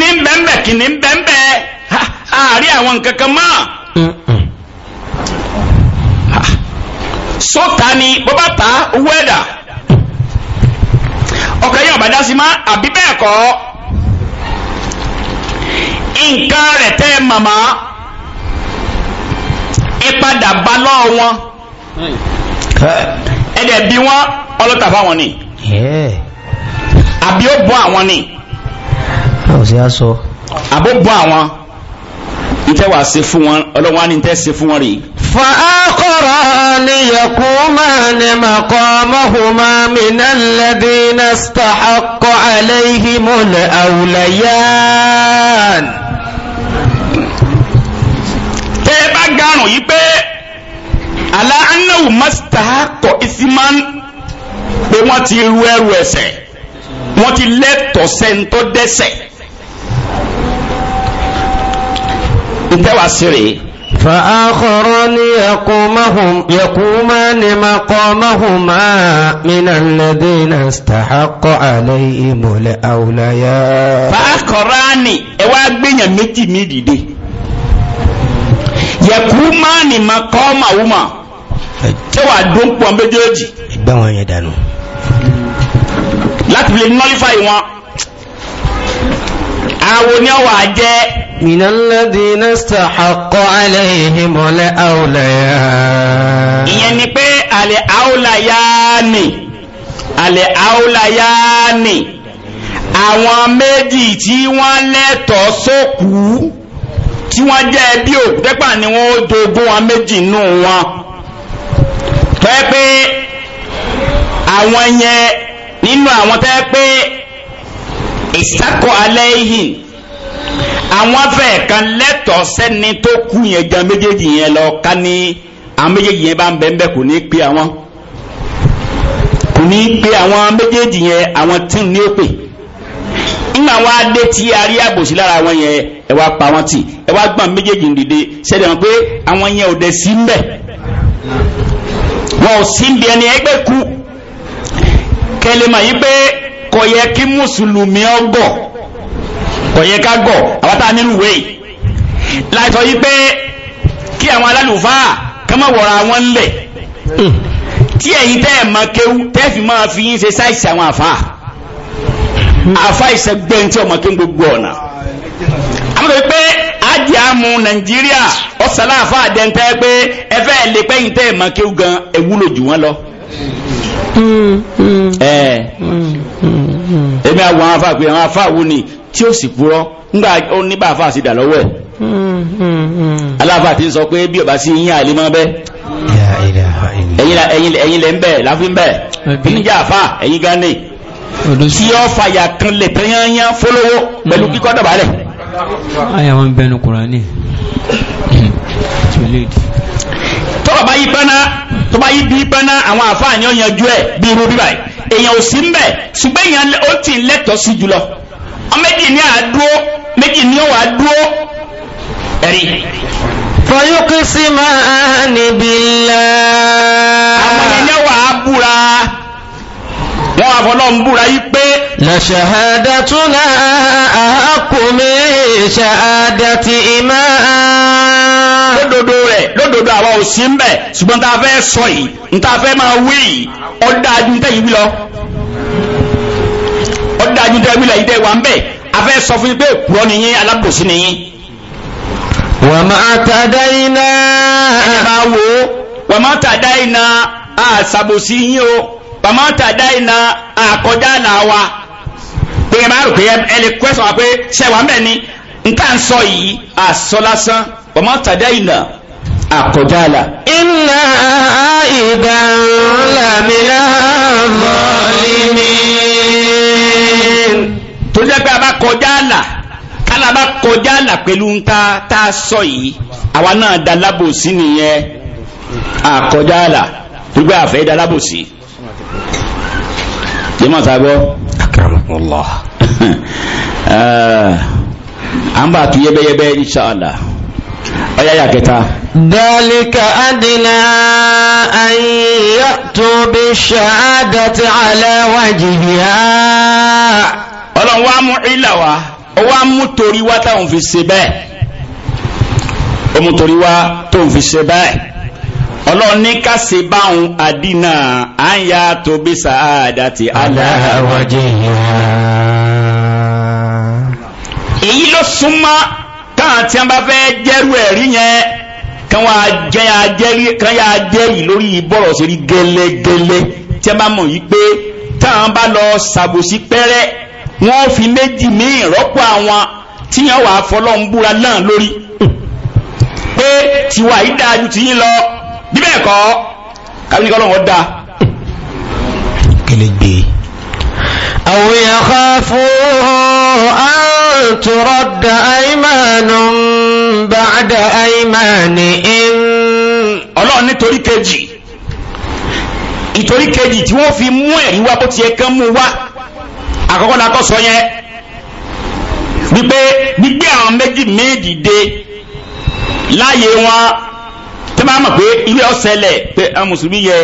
B: kìíní bẹ́ẹ̀bẹ́ kìíní bẹ́ẹ̀bẹ́ àárí àwọn nǹkan kan mọ́ sọ́ta ni bó bá ta owó ẹ̀dà ọkọ̀ yẹn ọ̀bàdá sí má àbí bẹ́ẹ̀ kọ́ nǹkan rẹ̀ tẹ́ màmá ìpadà bá lọ́ọ̀ wọn ẹ̀dẹ̀ bí wọ́n ọlọ́ta fáwọn ni àbí ó bọ́ àwọn ni kò sí aṣọ. àbúgbọ́ àwọn ìtẹ́wà ṣe fún wọn ọlọ́wọ́n á ní tẹ́ ṣe fún wọn rèé.
A: فآخران يقومان مقامهما من الذين استحق عليهم الأوليان
B: tẹ́ẹ̀bá gánù yí pé
A: alá anáwó
B: mọ́sítàákọ̀ ìsímán pé wọ́n ti ru ẹrù ẹ̀ṣẹ̀ wọ́n ti lẹ́tọ̀ọ́sẹ̀ ń tó
A: ntẹ́wà sí rèé. فآخران يقومهم يقومان مقامهما من الذين استحق عليهم الأولياء فآخران ẹ wá gbéyàn méjì mí dìde
B: يقومان مقامهما tí wàá dún pọ̀ méjèèjì.
A: yẹn dànù. láti lè nọ́lífà yìí àwọn ní ọwà jẹ́ minalladhina istahaqqa alayhimul awlayan ìyẹn ni pé alẹ́ àúláyáni alẹ́ àúláyáni
B: àwọn méjì tí wọ́n lẹ́tọ̀ sókú tí wọ́n jẹ́ bí òkútẹ́pà ni wọ́n jogún wọn méjì nù wọn tẹ́ pé àwọn yẹn nínú àwọn tẹ́ pé ìsákọ̀ alẹ́ yìí àwọn afẹ́ kan lẹ́tọ̀ọ́ sẹ́ni tó kú yẹn gan méjèèjì yẹn lọ ká ní àwọn méjèèjì yẹn bá ń bẹ́ẹ̀ bẹ́ẹ̀ kò ní pé àwọn kò ní pé àwọn méjèèjì yẹn àwọn tí ní ó pè nínú àwọn adé tí a rí lára wọn yẹn ẹ wá pa wọn tì ẹ wá gbọ́n méjèèjì dìde sẹ́dẹ̀ wọn pé àwọn yẹn ò dẹ̀ sí ń bẹ̀ wọn ò sí ń bẹ̀ ẹni ẹgbẹ́ kú kẹlẹ́mà yìí pé kò yẹ kí mùsùlùmí ọgọ̀ kò yẹ ká gọ̀ àwátá nínú ìwé láìsọ yí pé kí àwọn alálùfáà kọ́mọ̀ wọ̀ra wọn lẹ̀ hmm. tí ẹ̀yin tẹ́ ẹ̀ mọ kéwú tẹ́ fi máa fi yín ṣe sáìsì àwọn àfáà àfáà ìṣẹ́gbẹ́ tí ọmọ kéwú gbogbo ọ̀nà àwọn kò pé ajáàmù nàìjíríà ọ̀sán láàfáà dẹ́ntẹ́ pé ẹ fẹ́ lè pẹ́yìn tẹ́ ẹ̀ mọ kéwú gan ẹ̀ wúlò jù wọ́n lọ
A: ẹ̀ mm, mm. eh. mm,
B: ẹ̀mí àwọn afá pé àwọn afá wo ni tí ó sì purọ́ nígbà ó nígbà afá sì dà lọ́wọ́
A: ẹ̀ aláfà
B: ti ń sọ pé bí ọba sí yín àlè mọ́ bẹ́ ẹ̀yin lẹ́ ń bẹ̀ láfin bẹ̀ níjà afá ẹ̀yin gánè tí ó fàyà kan lè tẹ́yányá fólówó pẹ̀lú kíkọ́ dọ̀bálẹ̀.
A: àyà wọn bẹnu Kùránì
B: tó bá yí bí pẹ́ àwọn àfáà yẹn yanjú ẹ̀ bí irú bíbá yìí èèyàn ò sí mbẹ̀ ṣùgbọ́n èèyàn ó ti lẹ́tọ̀ọ́ sí jùlọ
A: méjì ní àdúró méjì ní òwà dúró ẹ̀rí. fọyúkú sí máa níbi ńlá. àwọn ènìyàn wà á búra wọn àfọlọ́ ń búra pé. لشهادتنا أحق من شهادة إمام lódodo àwa ò sí ń ṣùgbọ́n tá a fẹ́ sọ
B: yìí n tá a fẹ́ máa wí yìí ó dáa ju lọ lọ yìí wà a fẹ́ sọ fún yín pé ni yín alábòsí ni yín. wà á máa ta dá ẹ máa wò ó wà á máa ta dá o wà á máa ta dá iná àkọjá èèyàn bá rò pé ẹ lè kó ẹ̀sán wa pé ṣẹ́wàá mẹ́ ni nta ń sọ yìí àsọ lásán ọmọ tàdá ìnà àkọjá àlà.
A: iná ìdá
B: làmìlá mọ́lìmí. tó jẹ́ pé a bá kọjá àlà kálá bá kọjá àlà pẹ̀lú nta tá a sọ yìí àwa náà da lábòsí nìyẹn àkọjá àlà gbígbé àfẹ́ da lábòsí. jẹ́mọ̀ sábọ́. akramakumullah. Eh, an b'a tun yɛbɛyɛbɛ inshallah
A: ọyá yà kẹta. dalika adina an yàtò bí ṣàádàtì aláwàjìyà.
B: ọlọ́run wa mú ilà wa ó wá mú wa táwọn fi ṣe bẹ́ẹ̀ ó mú torí wa tóun fi ṣe bẹ́ẹ̀ ọlọ́run ní ká ṣe èyí ló súnmọ́ káwọn tí wọ́n bá fẹ́ jẹ́rú ẹ̀rí yẹn kán wá jẹ́ ajẹ́rí kán yá ajẹ́rí lórí bọ́rọ̀ sí rí gẹ́lẹ́gẹ́lẹ́ tí wọ́n bá mọ̀ yí pé táwọn bá lọ ṣàbòsí pẹ́rẹ́ wọ́n fi méjì míì rọ́pò àwọn tí yẹn wà fọlọ́n búra náà lórí pé tiwa yìí dáa ju tiyín lọ bí bẹ́ẹ̀ kọ́
A: kábíyèkọ́ lọ́wọ́ dáa. أو يخافوا أن ترد أيمان بعد أيمانهم ọlọ́run nítorí kejì
B: ìtorí kejì tí wọ́n fi mú ẹ̀rí wá bó ti yẹ kán mú wá àkọ́kọ́ la kọ́ sọ yẹn wípé gbígbé àwọn méjì méjì dé láàyè wọn tẹ́ bá mọ̀ pé ilé ọ̀sẹ̀ pé àwọn mùsùlùmí yẹ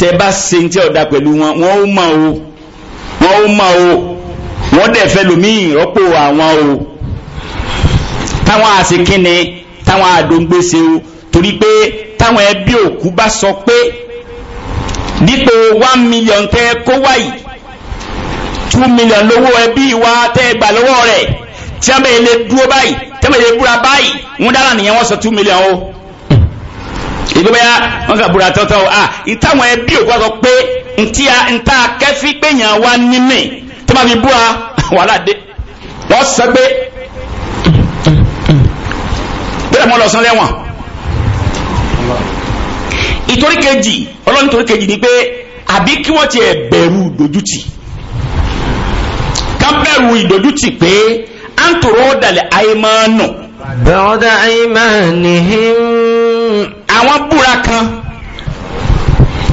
B: tẹ́ bá ṣe ní tí ọ̀dà pẹ̀lú wọn wọn ó mọ̀ o wọ́n ó mọ̀ o wọ́n dẹ̀ fẹ́ lómi ìrọ́pò àwọn o táwọn àṣekínni táwọn àdóńgbèsè o torí pé táwọn ẹbí òkú bá sọ pé dípò one million tẹ kó wáyìí two million lówó ẹbí wa tẹ gbà lọ́wọ́ rẹ̀ tí wọ́n bẹ̀rẹ̀ lè dúró báyìí tí wọ́n bẹ̀rẹ̀ lè búra báyìí wọ́n dára nìyẹn wọ́n sọ two million o ìgbébáyà wọn kà búra tọ́tọ́ o ah ìtàwọn ẹbí òkú àtọ pé ntí a ntá kẹfí péyàn wá nínú tó bá fi búra wàhálà dé wọn sọ pé bẹ́ẹ̀ mọ́ lọ sán lẹ́wọ̀n ìtorí kejì ọlọ́run ìtorí kejì ni pé àbí kí wọ́n ti ẹ̀ ìdójútì ká ìdójútì pé à ń tòrò dàlẹ̀ àìmọ́ nù. bọ́dà àìmọ́ nìhín búra kan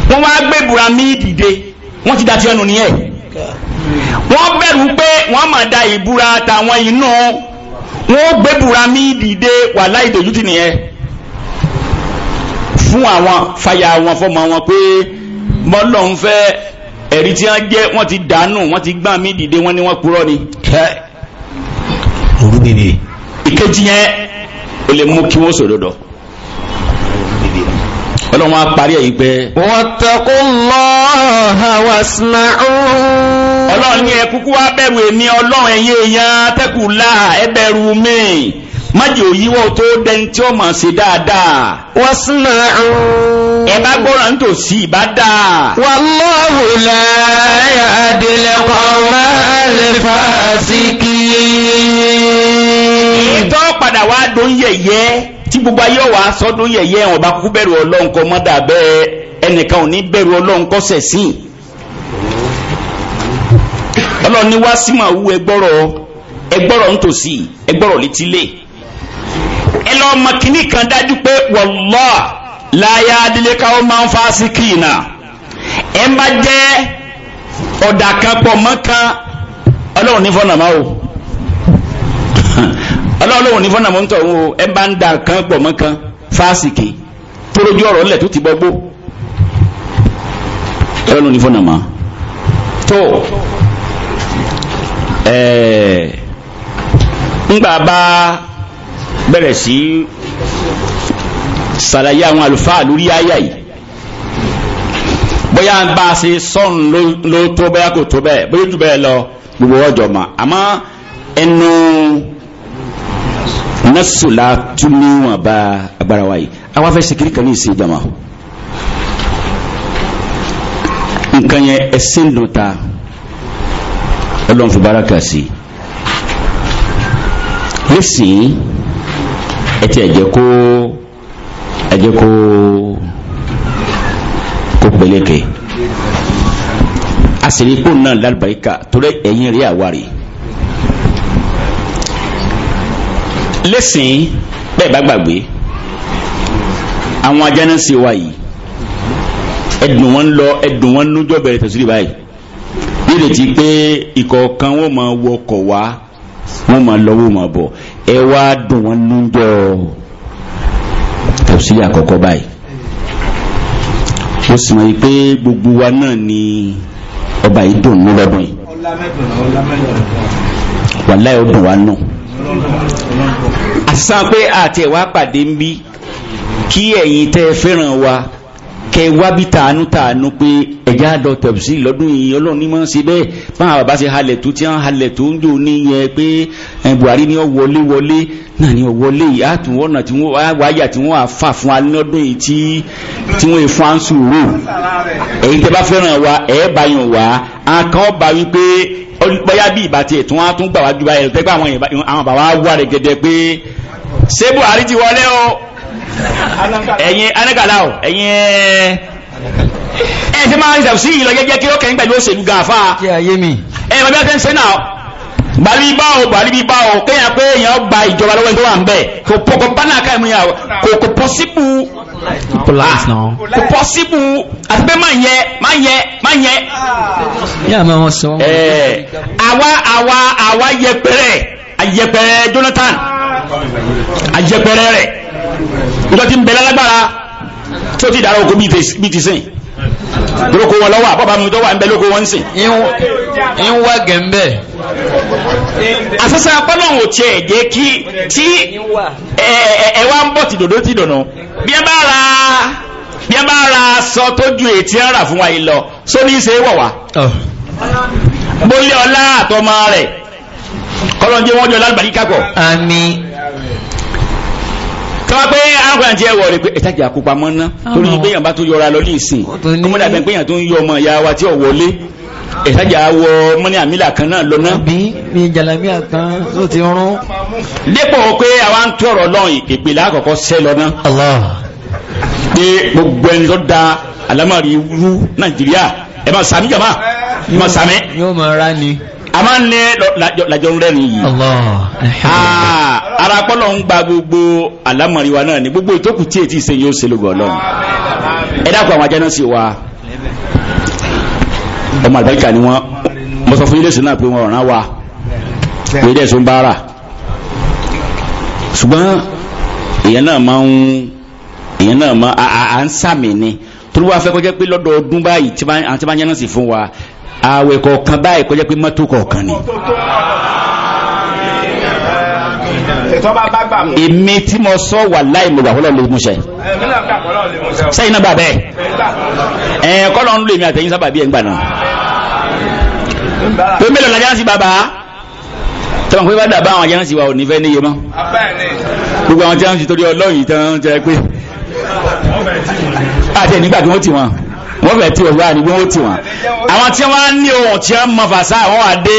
B: wọ́n wá gbé búra míì dìde wọ́n ti dàtí ọnù nìyẹn wọ́n bẹ̀rù pé wọ́n máa da ìbúra tàwọn inú wọ́n gbé búra míì dìde wà láì dojú tì nìyẹn fún àwọn fàyà wọn fọmọ wọn pé bọ́lọ̀ ń fẹ́ ẹ̀rí tí wọ́n jẹ́ wọ́n ti dànù wọ́n ti gbá mí dìde wọ́n ní wọ́n purọ́ ni. orúbìnrin. ìkejì yẹn ó lè mú kí wọ́n sòdodo. ọlọ́run wá parí ẹ̀yìn pé wattaqullaha wasma'u ọlọ́run ní ẹkúkú wá bẹ̀rù èmi ọlọ́run ẹ̀yẹ èèyàn tẹ́kù là ẹbẹ̀rù mi májè ma sí dáadáa ìtọ́ padà wá tí gbogbo ayé wà sọ́dún yẹ̀yẹ́ wọn bá kú bẹ̀rù ọlọ́run kọ́ mọ́ dàbẹ́ ẹnìkan ò ní bẹ̀rù ọlọ́run kọ́ sẹ̀sìn ọlọ́run ní wá sí màá wú ẹgbọ́rọ̀ ẹgbọ́rọ̀ nítòsí ẹgbọ́rọ̀ létílé ẹ lọ́ọ́ mọ kínní kan dájú pé wọ́lọ́ láyà adílé káwọ́ máa ń fa síkìnà ẹ má jẹ́ ọ̀dà kan pọ̀ mọ́ kan ọlọ́run ní fọ́nà máa o ọlọ́ọ̀lọ́wọ̀n ní fọ́nà mọ́ntọ̀ òun o ẹ bá ń da kan pọ̀ mọ́ kan fásikì tó lójú ọ̀rọ̀ lẹ̀ tó ti bọ́gbó ọlọ́ọ̀lọ́wọ̀n ní fọ́nà mọ́ tó ńgbà bá bẹ̀rẹ̀ sí ṣàlàyé àwọn àlùfáà lórí àyà yìí bóyá bá a ṣe sọ́ọ̀n ló tó bẹ́ẹ̀ kò tó bẹ́ẹ̀ bóyá jù bẹ́ẹ̀ lọ gbogbo ọjọ́ mọ́ àmọ́ ẹnu násùlá tún níwọ̀n bá agbára wa yìí àwa fẹ́ ṣèkiri kan ní ìsìn ìjàmà nǹkan yẹn ẹsẹ̀ ń lò ta ọlọ́run fi bára kà sí nísìnyí ẹ ti ẹ̀jẹ̀ kó ẹ̀jẹ̀ kó kó peléke àṣírí kó náà lálùbáríkà torí ẹ̀yìn rí lẹ́sìn bẹ́ẹ̀ bá gbàgbé àwọn ajá náà ṣe wá yìí ẹdùn wọn lọ ẹdùn wọn nújọ bẹ̀rẹ̀ tẹ̀sílì báyìí nírètí pé ìkọ̀ọ̀kan wọn máa wọ ọkọ̀ wá wọn máa lọ wọn máa bọ̀ ẹ wá dùn wọn nújọ tẹ̀sílì àkọ́kọ́ báyìí ó sì mọ̀ yìí pé gbogbo wa náà ni ọba yìí dùn ní lọ́dún yìí wàláyé ó dùn wá náà
A: àti sáà
B: pé àti ẹ̀wà pàdé ń bí kí ẹ̀yin tẹ́ fẹ́ràn wa kẹ wá bí tàánú tàánú pé ẹ̀já àdọ̀ tẹ̀bùsí lọ́dún yìí ọlọ́run ní máa ń ṣe bẹ́ẹ̀ fáwọn bàbá ṣe halẹ̀ tó tí wọ́n halẹ̀ tó ń jò ní yẹn pé Buhari ní ọ wọlé wọlé náà ní ọ wọlé yìí àtúnwọ́nà tí wọ́n wáyà tí wọ́n fà fún alọ́dún yìí tí wọ́n fún à ń sùúrù èyí tẹ́ bá fẹ́ràn wa ẹ̀ báyọ̀ wá àkàn ọba wípé bóyá bí ìbá tiẹ̀ tí wọ́n tún gbà wájú báyẹ̀ tẹ́gbà àwọn bàbá wà rẹ̀ gẹ́gẹ́ pé ṣé Buhari ti wọlé o ẹ̀yin anagala o ẹ̀yin eh, ẹ̀ ti máa ń dàbí sí ìlọ jẹ́jẹ́ kí ó kẹ́yìn pẹ̀lú òṣèlú gàfà ẹ̀ bàbá tẹ́ ń ṣe náà bàbí bá o bàbí bá o kéèyàn pé èèyàn gba ìjọba lọ́wọ́ tó wà ń bẹ̀ kò kò bánà ká ìmú yà kò kò pọ́síbù ah, kò pọ́síbù àti pé Jonathan àyẹpẹrẹ rẹ ìjọ ti ń bẹ̀rẹ̀ lágbára tí ó ti dára oko bí ti sìn lóko wọn lọ́wọ́ àbọ̀bá mi tó wà ń bẹ lóko wọn ń sìn. ń wá gẹ̀ǹbẹ̀. àṣẹṣe apọ́nàwò tiẹ̀ jẹ́ kí tí ẹ wá ń bọ̀ tìdòdó tìdòdó bí ẹ bá ra bí ẹ bá ra aṣọ tó ju ètí ẹ rà fún wa yìí lọ sóní ṣe é wọ̀ wá. bólé ọlá àtọmọ rẹ̀ kọ́lọ́njẹ́ wọ́n jọ lálùbáríkà pọ̀. àmín tọ́wọ́ pé arákùnrin àti ẹwọ̀ rẹ̀ pé ẹ̀tàkì àkópamọ́ ná torí pé yàn bá tó yọra lọ ní ìsìn ọmọ dàbẹ̀ pé yàn tó ń yọ ọmọ ìyá wa tí ò wọlé ẹ̀tàkì àwọ mọ́ni àmìlà kan náà lọ náà. àbí ni jàlámíà kan ló ti rún. dépò pé àwa ń tọrọ lọ́hìn ìpìlẹ̀ àkọ́kọ́ sẹ́ lọ náà. Allah. pé gbogbo ẹni tó da alámọ̀rí rú Nàìjíríà ẹ̀ máa sàmì jàmá ẹ̀ máa sàmì. yóò máa rá ni a máa ń lé làjọ rẹ̀ nìyí ara pọ́lọ̀ ń gba gbogbo àlámọ̀ríwa náà ni gbogbo ìtókù tí ètí ìsẹ́yìn ó selógún ọlọ́run ẹ dákun àwọn ajá náà sì wá ọmọ àlùbáríkà ni wọ́n mo sọ fún ilé ìsìn náà pé wọ́n ràn wá pé dẹ̀ tún bára ṣùgbọ́n èèyàn náà máa ń èèyàn náà máa à ń sàmì ni tó ló wá fẹ́ kọjá pé lọ́dọọdún báyìí tí wọ́n ń yánnà sí fún wa ààwẹ̀ kọ̀ọ̀kan báyìí kọjá pé mọ́tò kọ̀ọ̀kan ni. èmi tí mo sọ wà láì mo gbà kọ́lọ́ lè mú ṣe. sẹ́yìn náà bàbẹ́ ẹ̀ kọ́lọ́ ń lo èmi àtẹ̀yìn sábà bí ẹ̀ ń gbà náà. pé mélòó lajá sí bàbá tọ́wọ́n pé bá dàbá àwọn ajá sí wa ò ní fẹ́ níye mọ́. gbogbo àwọn tí wọ́n ti torí ọlọ́yìn tán jẹ́ pé àti ẹ̀ nígbà tí wọ́n ti wọn wọ́n fẹ́ tí ọ̀gbá àdìgbò wọ́n ti wọ́n àwọn tí wọ́n ní ohun tí wọ́n mọ fàṣà àwọn àdé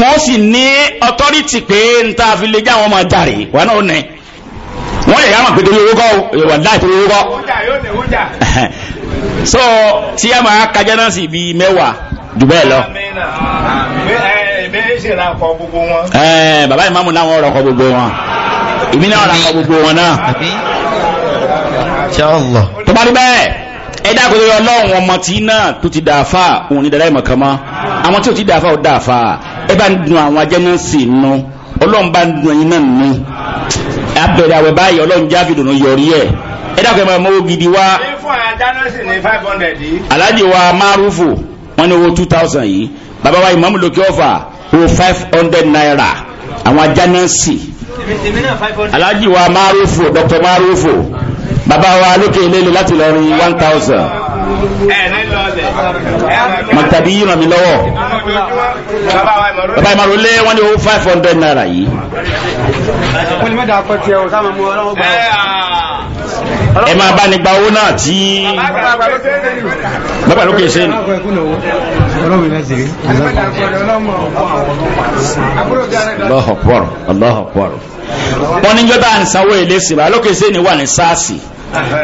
B: wọ́n sì ní ọtọ́rìtì pé n ta fi lè já àwọn ọmọ jàre wà náà nẹ wọ́n lè yàmà pé torí owó ìwà dá ìtorí owó so tí a máa kájá náà sì bí mẹ́wàá jù bẹ́ẹ̀ lọ. bàbá ìmáàmù náà wọ́n rọ̀ gbogbo wọn ìmí náà rọ̀ gbogbo wọn náà. tó bá rí bẹ́ẹ̀ ẹ̀dá kò lórí ọlọ́run ọmọ tí náà tó ti dàáfà òun ní dàdá ìmọ̀kànmọ́ àwọn tí ò ti dàáfà ò dàáfà ẹ bá ń dun àwọn ajẹ́nàsì nu ọlọ́run bá ń dun ẹyin náà nu abẹ̀rẹ̀ àwẹ̀ báyìí ọlọ́run jáfi dùnú yọrí ẹ̀ ẹ̀dá kò máa mọ́wó gidi wá. aláàjì wa márùfù wọn ní owó two thousand yìí bàbá wa ìmọ̀mù lókè ọ̀fà owó five hundred naira àwọn ajẹ́nàsì aláàjì wa márùfù dr márùfù bàbá wa lókè eléle láti lọ rin one thousand
A: mọ̀tàbí yìí ràn mí lọ́wọ́ bàbá ìmọ̀ràn olé wọ́n ní
B: owó five hundred naira yìí.
A: ẹ máa bá ní gba owó náà tí
B: bàbá lókè ṣe ni. Allahu Akbar Allahu Akbar wọ́n ní jọba à ń sanwó ilé sí bàbá lókè ṣe ni wà ní sáàsì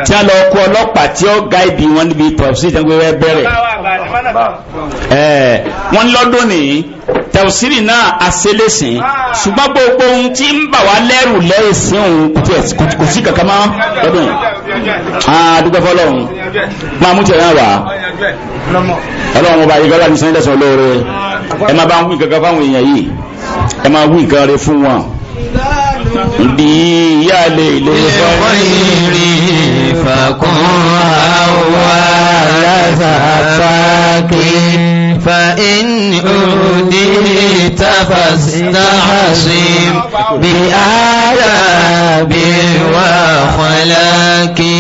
B: tí a lọ kó ọlọ́pàá tí ó ga ibi wọn níbi tẹ̀sí ìtẹ́gbẹ́rẹ́ bẹ̀rẹ̀ wọ́n lọ́dún ní tẹ̀sírì náà aṣẹ́lẹ̀sìn ṣùgbọ́n gbogbo ohun tí ń bà wá lẹ́rù lẹ́ẹ̀sìn òun kò sí kankan mọ́ lọ́dún
A: àdúgbò fọlọ́run gbọ́n amútẹ̀ náà wà
B: ọlọ́run ọba yìí gbọ́dọ̀ ní sanilẹ́sìn olóore ẹ máa bá wí kankan fáwọn èèyàn yìí ẹ máa wí nǹkan rẹ fún wọn. bí yàlè ilé ìfọ́rí fàkún àwọ̀
A: aláfàfàkì fa in òdí tafasdáhásím bí ara bí wà kọlákì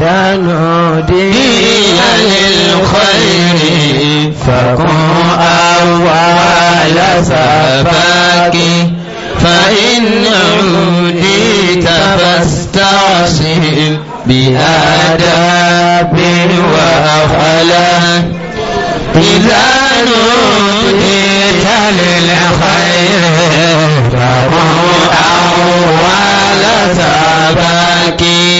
A: dánàdí yàlè ìfọ́rí fàkún àwọ̀ aláfàfàkì فإن عوديت فاستعصم بآداب وأخلاق إذا نوديت للخير فهو أول تبكي